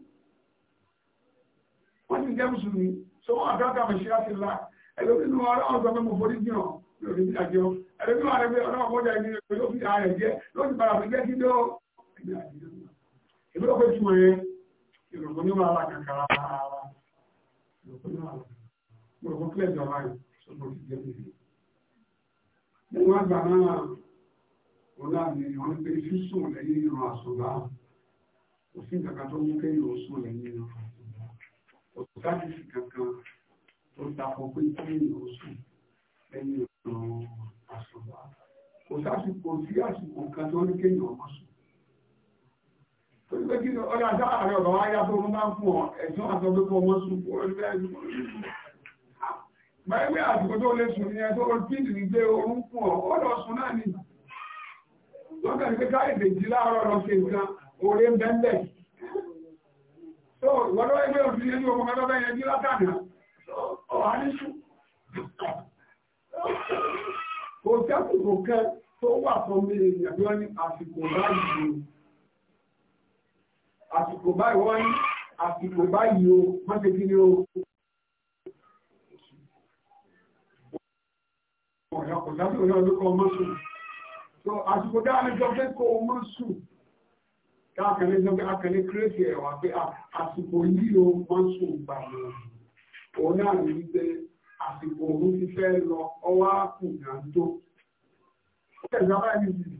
wọ́n ti jẹ́ mùsùlùmí so wọ́n àdáka bẹ̀ ṣíra ti la ẹlòmí nù ọ̀rọ̀ ọ̀sọ̀ pé mo forí jìn ọ́ lórí mi àjọ ẹlòmí wà lẹ́gbẹ̀ẹ́ ọ̀rọ̀ ọ̀gbọ́dọ̀ ẹni ló fi ara ẹ̀ jẹ́ ló tó mú kéyìn òsùn lẹ́yìn ìrọ̀ òtútàdì sí kankan tó tako pé kéèyàn ó sùn lẹ́yìn ọ̀rọ̀ àṣọ̀bá kò sásìkò sí àsìkò kan tó ní kéèyàn ọmọ sùn tó ní pé kí ni ọ̀rẹ́ àti ààrẹ ọ̀rọ̀ wáyá tó ń bá fún ọ ẹ̀sùn àti ọdún kó ọmọ sùn kó ọdún bẹ́ẹ̀ sùn báyìí pé àsìkò tó lè sùn yẹn tó kí ni gbé orúnkún ọ ọ lọ sùn náà ni lọ́kàn ní pé káyọ̀dé jí láàárọ̀ lọ sí ìgbà òré ń bẹ́ẹ̀ tó wọ́dọ́ ẹgbẹ́ òfin ní ọmọ kan lọ́bẹ̀ yẹn bí látàdá ọ̀há níṣù kò tẹ́kùnkùn kẹ tó wà fún mi ènìyàn bí wọ́n ní àsìkò báyìí àsìkò báyìí wọ́n ní àsìkò báyìí o wọ́n ti kí ni o ọ̀yà kò tẹ́kùnkùn náà ló kọ́ mọ́sùn so àsìkò dáa ní jọ pé kò mọ́sùn káàkiri sọ pé akẹlẹ kírèsì ẹwà pé àsìkò yìí ó máa ń sùn gbà wọn òun náà ní wípé àsìkò òun ti fẹ́ lọ ọwọ́ àpò ìdájọ́ ó tẹ̀sán báyìí nìyí.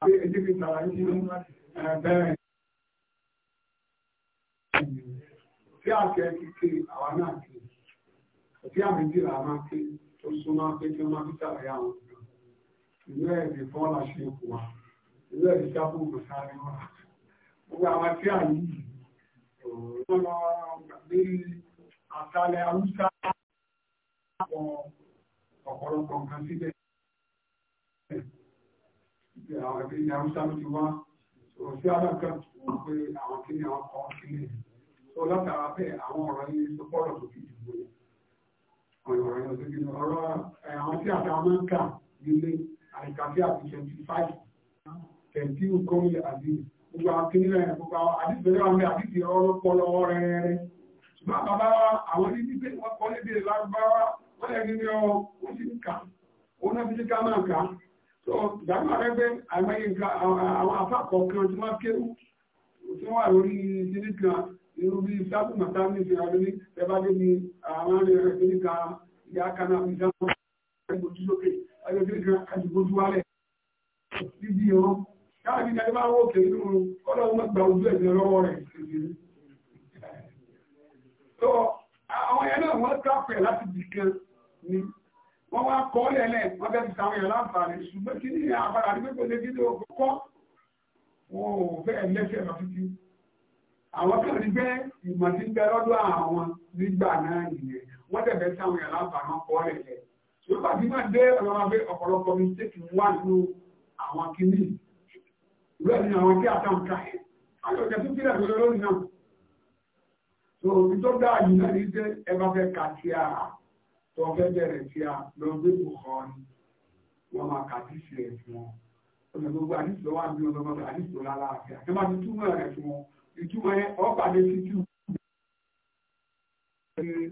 Ẹ̀ẹ́dẹ́gbẹ̀ta ẹ̀ẹ́dẹ́gbẹ̀ta ẹ̀ẹ́dẹ́gbẹ̀ta tí àkẹ́ kíkẹ́ àwa náà kí òtí àmì dìrà máa kí tó súnmọ́ pé kí wọ́n máa fi sàlàyé àwọn ọ̀dọ́ ìlú ẹ̀rí bọ́ọ̀lù àṣeyọkù wa ìlú ẹ̀rí sábò mọ̀sáré wa gbogbo àwọn tí à ń yí òun lọ ní àtàlẹ̀ haúsá àwọn ọ̀pọ̀lọpọ̀ nǹkan síbẹ̀ àwọn ẹ̀rí haúsá ló ti wá òun sí alága tó wọ́n pé àwọn kí ni àwọn kọ́ sílẹ̀ yìí tó látara bẹ́ẹ̀ àwọn ọ̀rọ̀ yìí tó pọ̀rọ̀ tó fi dìbò yẹn àwọn ọ̀rọ̀ yẹn tó fi dìbò ọ̀rọ̀ àwọn tí àti àwọn ń kà nílé àìkàfí àti twenty five twenty kọ́mí àti gbogbo akínílẹ̀ gbogbo àdìsẹ́lẹ̀ àwọn àdìsẹ́ ọ̀rọ̀ pọ̀ lọ́wọ́ rẹ̀ ṣùgbọ́n bàbá àwọn ní bíbẹ́ wọn kọ́ lébi lágbára wọ́n yẹ kí ni ọ ó sì ń kà ó náà fi ṣe ká máa kà so ìdájọ́ àrẹ́gbẹ́ àìmọye nǹkan àwọn afáàkọ̀ọ̀kan tí wọ́n kéwú tí wọ́n wà lórí ìdílé kan irú bí sábù màtá ní ìfìyà lórí ẹbá dé ní àwọn arìnrìn rẹ̀ tó ní ka ìyá kaná ní sábà ẹgbòjú lókè ẹgbẹ́ tó ní ka àdìgbòjú wálẹ̀ níbi ìran káàkiri ní ẹgbẹ́ àwọn òkè nínú kọ́lọ́ wọn gba ojú ẹ̀jẹ̀ lọ́wọ́ rẹ̀ tó àwọn yẹn náà wọ́n tàpẹ̀ láti dì kan ni wọ́n wá kọ́ lẹ́lẹ̀ wọ́n bẹ́ẹ̀ fi sáwọn yẹn àwọn kan rí pé ìmọ̀ tí ń bẹ lọ́dọ̀ àwọn nígbà náà nìyẹn wọ́n tẹ̀lé sáwọn yàrá àbàmọ́ kọ́ rẹ̀ yẹ yorùbá bí máa dé ọ̀rọ̀ wọn pé ọ̀pọ̀lọpọ̀ mistake ń wà nínú àwọn kìíní ìlú ẹ̀ ní àwọn tí àtàwọn ká yẹ àwọn ọ̀jẹ̀ tó kílẹ̀ tó lórí náà tó ní tó dáa yìí náà ní pé ẹ bá fẹ́ ka tí a tó fẹ́ bẹ̀rẹ̀ tí a lọ gbé kò kọ́ ni wọ́n máa kà sí ṣe ẹ̀ fún wọn ọ̀nà gbogbo àdìsọ́ wà ní ọ̀nà gbogbo àdìsọ́ lálàáfíà ìtumọ̀ yẹn ọ̀pàdé títú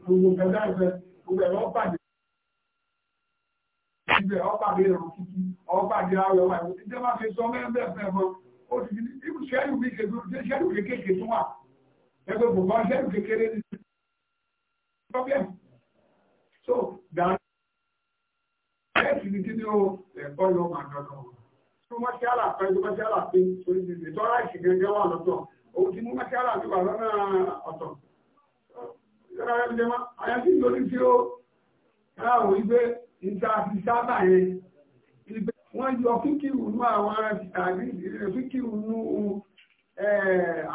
gbogbo gẹ́gẹ́ ẹ̀fẹ́ gbogbo ẹ̀rọ ọ̀pàdé ibẹ̀ ọ̀pàdé ẹ̀rọ títú ọ̀pàdé ayọ̀ wà ìwọ̀n ìjọba fi sọ mẹ́ẹ̀mẹ́ fẹ́ mọ́ ó ti fi ibi sẹ́yìn mi kéde ó ti sẹ́yìn kékèké tó wà ẹgbẹ́ bùkọ́ sẹ́yìn kékeré ní problem so dáná ẹ̀ẹ́sì ni kí ni ó ẹ̀kọ́ yọ ọmọ àgbàdo so wọ́n ti àlàfẹ́ wọ́n ti àlàfẹ́ torí ìtọ́ra ìṣìgẹ́gẹ́ wà lọ́tọ̀ òun ti mú mẹ́kẹ́rà àti wà lọ́nà ọ̀tọ̀ ìjọba rẹ̀ jẹ́ mọ́ àyàtí ìlórí tí ó ráhùn ìgbé ìta àti sábà yẹn ìgbé wọ́n yọ fíkìrù nú àwọn àti fíkìrù nú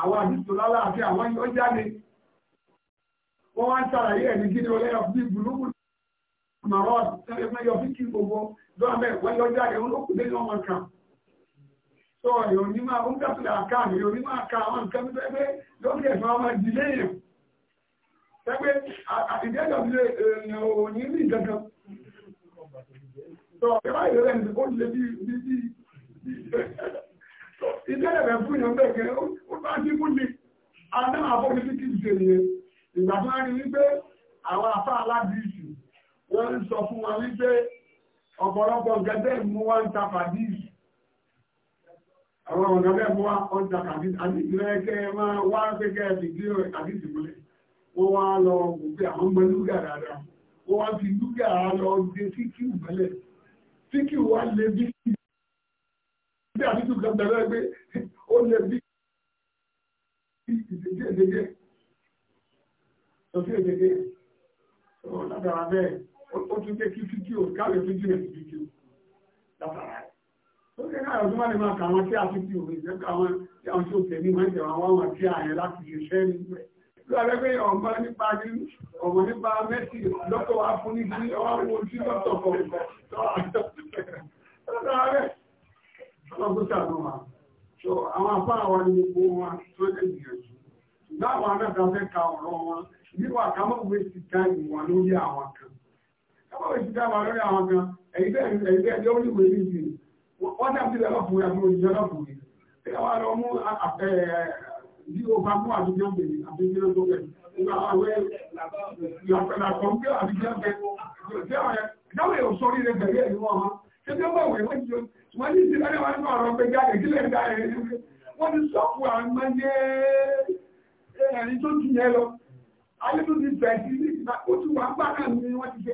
àwọn àdìsò lálá àti àwọn yọ jáde wọ́n wá ń sàlàyé ẹ̀ ní gíní olè ọ̀bí gbùlúgbù màrọ́ọ̀tì tẹ́lẹ̀ fún yọ fíkìrù gbogbo dọ́ọ̀mẹ́ tó ìrònímọ̀ oúnjẹ́pìlẹ̀ àká ìrònímọ̀ àká àwọn nǹkan tó ẹgbẹ́ lórí ẹ̀fọ́ ọmọ ìdílé èèyàn tẹ́gbẹ́ àtìdẹ́jọ́ ilé èèyàn ò ní rí gangan tó ẹ̀fọ́ ìrẹ́lẹ̀ ní ó lè bí bí bí ìdẹ́rẹ̀ rẹ̀ fún ìyàn bẹ́ẹ̀ gẹ́gẹ́ ó bá ní mú ni aná àbọ̀dé bí kì í ṣe yẹn ìgbà tó ń rí wípé àwọn afá aládìsì wọ́n ń sọ fún wọn wípé ọ̀pọ̀lọpọ̀ gẹ́gẹ́ mú wọn ń tapàdìsì àwọn ọ̀nà mẹ́bọ́ wá ọjà àdìsílẹ́kẹ́ máa wá pẹ́kẹ́ ìdí àdìsílẹ́ wọ́n wá lọ gbogbo àwọn ọmọ lúgà dáadáa wọ́n wá fi lúgà lọ gbé síkìú mẹ́lẹ̀ síkìú wá lè bí ìdí àdìsí kan bẹ̀rẹ̀ pé ó lè bí ìdíjẹ́dẹ́jẹ́ lọ́sí ìdíjẹ́ látara bẹ́ẹ̀ ó tún jẹ́ kí síkìú káàlẹ̀ tó jìnà sí síkìú látara rẹ̀ ó ṣe káyọ̀ tó máa lè máa kàwọn tí a ti fi òwe ìṣẹ́ káwọn tí àwọn tí ó tẹ̀lé máa ń tẹ̀wọ̀n àwọn àwọn tí àyẹ̀ láti lè ṣẹ́ ní rẹ̀ lọ́wọ́ pé ọmọ nípa ní ọmọ nípa mẹ́sì dókítà wa fún ní sí ọwọ́ wo sí dókítà kọ̀ọ̀kan tó àtọ́ ọlọ́gbọ́sà ló wà so àwọn afá àwọn ní gbogbo wọn tó lè gbìyànjú ṣùgbọ́n anáta fẹ́ ka ọ̀rọ̀ wọn níwà kámọ́wé ti ká ìwọ̀n lórí àwọn kan kámọ́wé ti ká ìwọ̀n lórí àwọn kan ẹ̀yìn bẹ́ẹ̀ ẹ̀yìn bẹ́ẹ̀ lórí ìwé níbi wọ́n dàbí ìrẹ́lọ́ fún ẹ̀mú ìrẹ́lọ́ fún mi ẹ̀yà wà lọ mú bí o bá mú àdúgbò gbèrè àbí ìrẹ́lọ́ tó gbèrè ìgbà àwẹ̀ làkọ̀ gbé àdúgbò gbèrè dáwọn èèyàn sọ rí rẹ̀ gbẹ̀rẹ̀ ẹ̀ wọ́n hàn ṣé bí wọ́n wẹ̀ wọ́n ti yọ wọ́n ní ìsinmi ẹ̀rọ wọn ọ̀rọ̀ pé jáde kí lè da ẹ̀ wọ́n ti sọ́ọ̀fù àwọn ẹni tó ti yẹ lọ ayé tó ti bẹ̀ẹ̀ sí ní ìgbà ó ti wà ń gbà náà ni wọ́n ti ṣe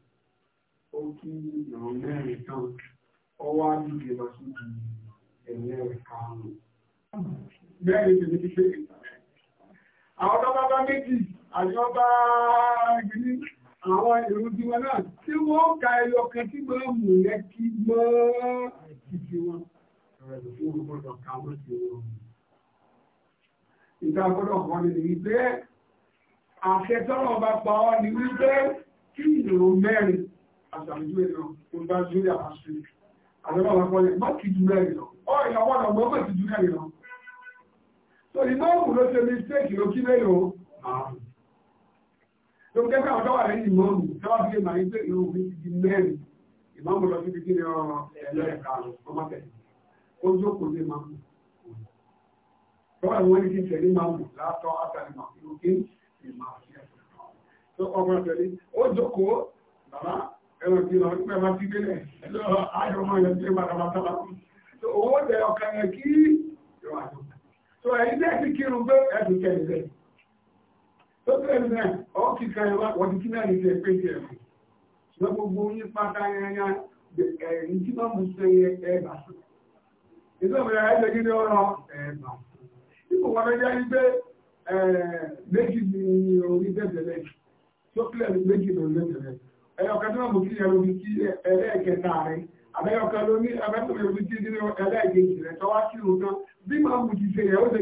ó kí ìrùn mẹ́rin tán ó wá dìde lọ sí di ẹ̀lẹ́ karùn-ún. mẹ́rin tèmi ti ṣe àwọn tó bá bá méjì àti ọba ìgbìní àwọn ìrùn tiwọn náà tí wọ́n ka ẹyọ kan tí máa mú yẹn kí mọ́ títí wọn. Ìta gbọ́dọ̀ kan ní wípé àṣẹ tọ́rọ̀ bá pa ọ́ ni wípé kí ìrùn mẹ́rin àtàlùjúwe lọ tó bá júwe àwọn street àtàlùjúwe àwọn akọ́lẹ̀ so ìmọ̀ọ́mù ló ṣe mistake ló kí mẹ́rin o ló jẹ́ pé àwọn tó wà lẹ́yìn ìmọ̀ọ́mù tó wà máa ń pè ní òun ti kí ní máa mú látọ́ ó jókòó bàbá ẹ̀rọ ti lọ pẹ́ máa ti délẹ̀ ẹ̀lọ́ ayọ̀mọ́ yẹn ti máa máa sábà kú tó owó tẹ ọkàn yẹn kí yóò wà tó tó ẹ̀yìn tẹ́ ti kírun pé ẹ̀dùn kẹ́lẹ̀ bẹ́ẹ̀ tó tẹ́ ẹ̀mí náà ọ́ kì í káyọ̀ wọ́n ti kí náà ní tẹ́ pé tiẹ̀ fún ṣùgbọ́n gbogbo yín pátá yẹn ẹ̀yìn tí wọ́n mú sọ yẹ ẹ̀ bà fún ìgbàgbọ́ yẹn ọ̀rọ̀ ẹ̀ bà fún ipò wọn bẹ jẹ́ pé méjì ni orí bẹ́ẹ̀ bẹ́ẹ̀ tó kílẹ̀ méjì ló lé bẹ́ẹ̀ ẹyọkẹ tí wọ́n mú kí ẹrù bí kí ẹlẹ́ẹ̀kẹta rẹ̀ àbẹ́yọkẹ ló ní ẹgbẹ́ tó lè fi kí ẹlẹ́ẹ̀kejì rẹ̀ tọ́wá kí òun tán bí màá mú ti ṣe yẹ ó ṣe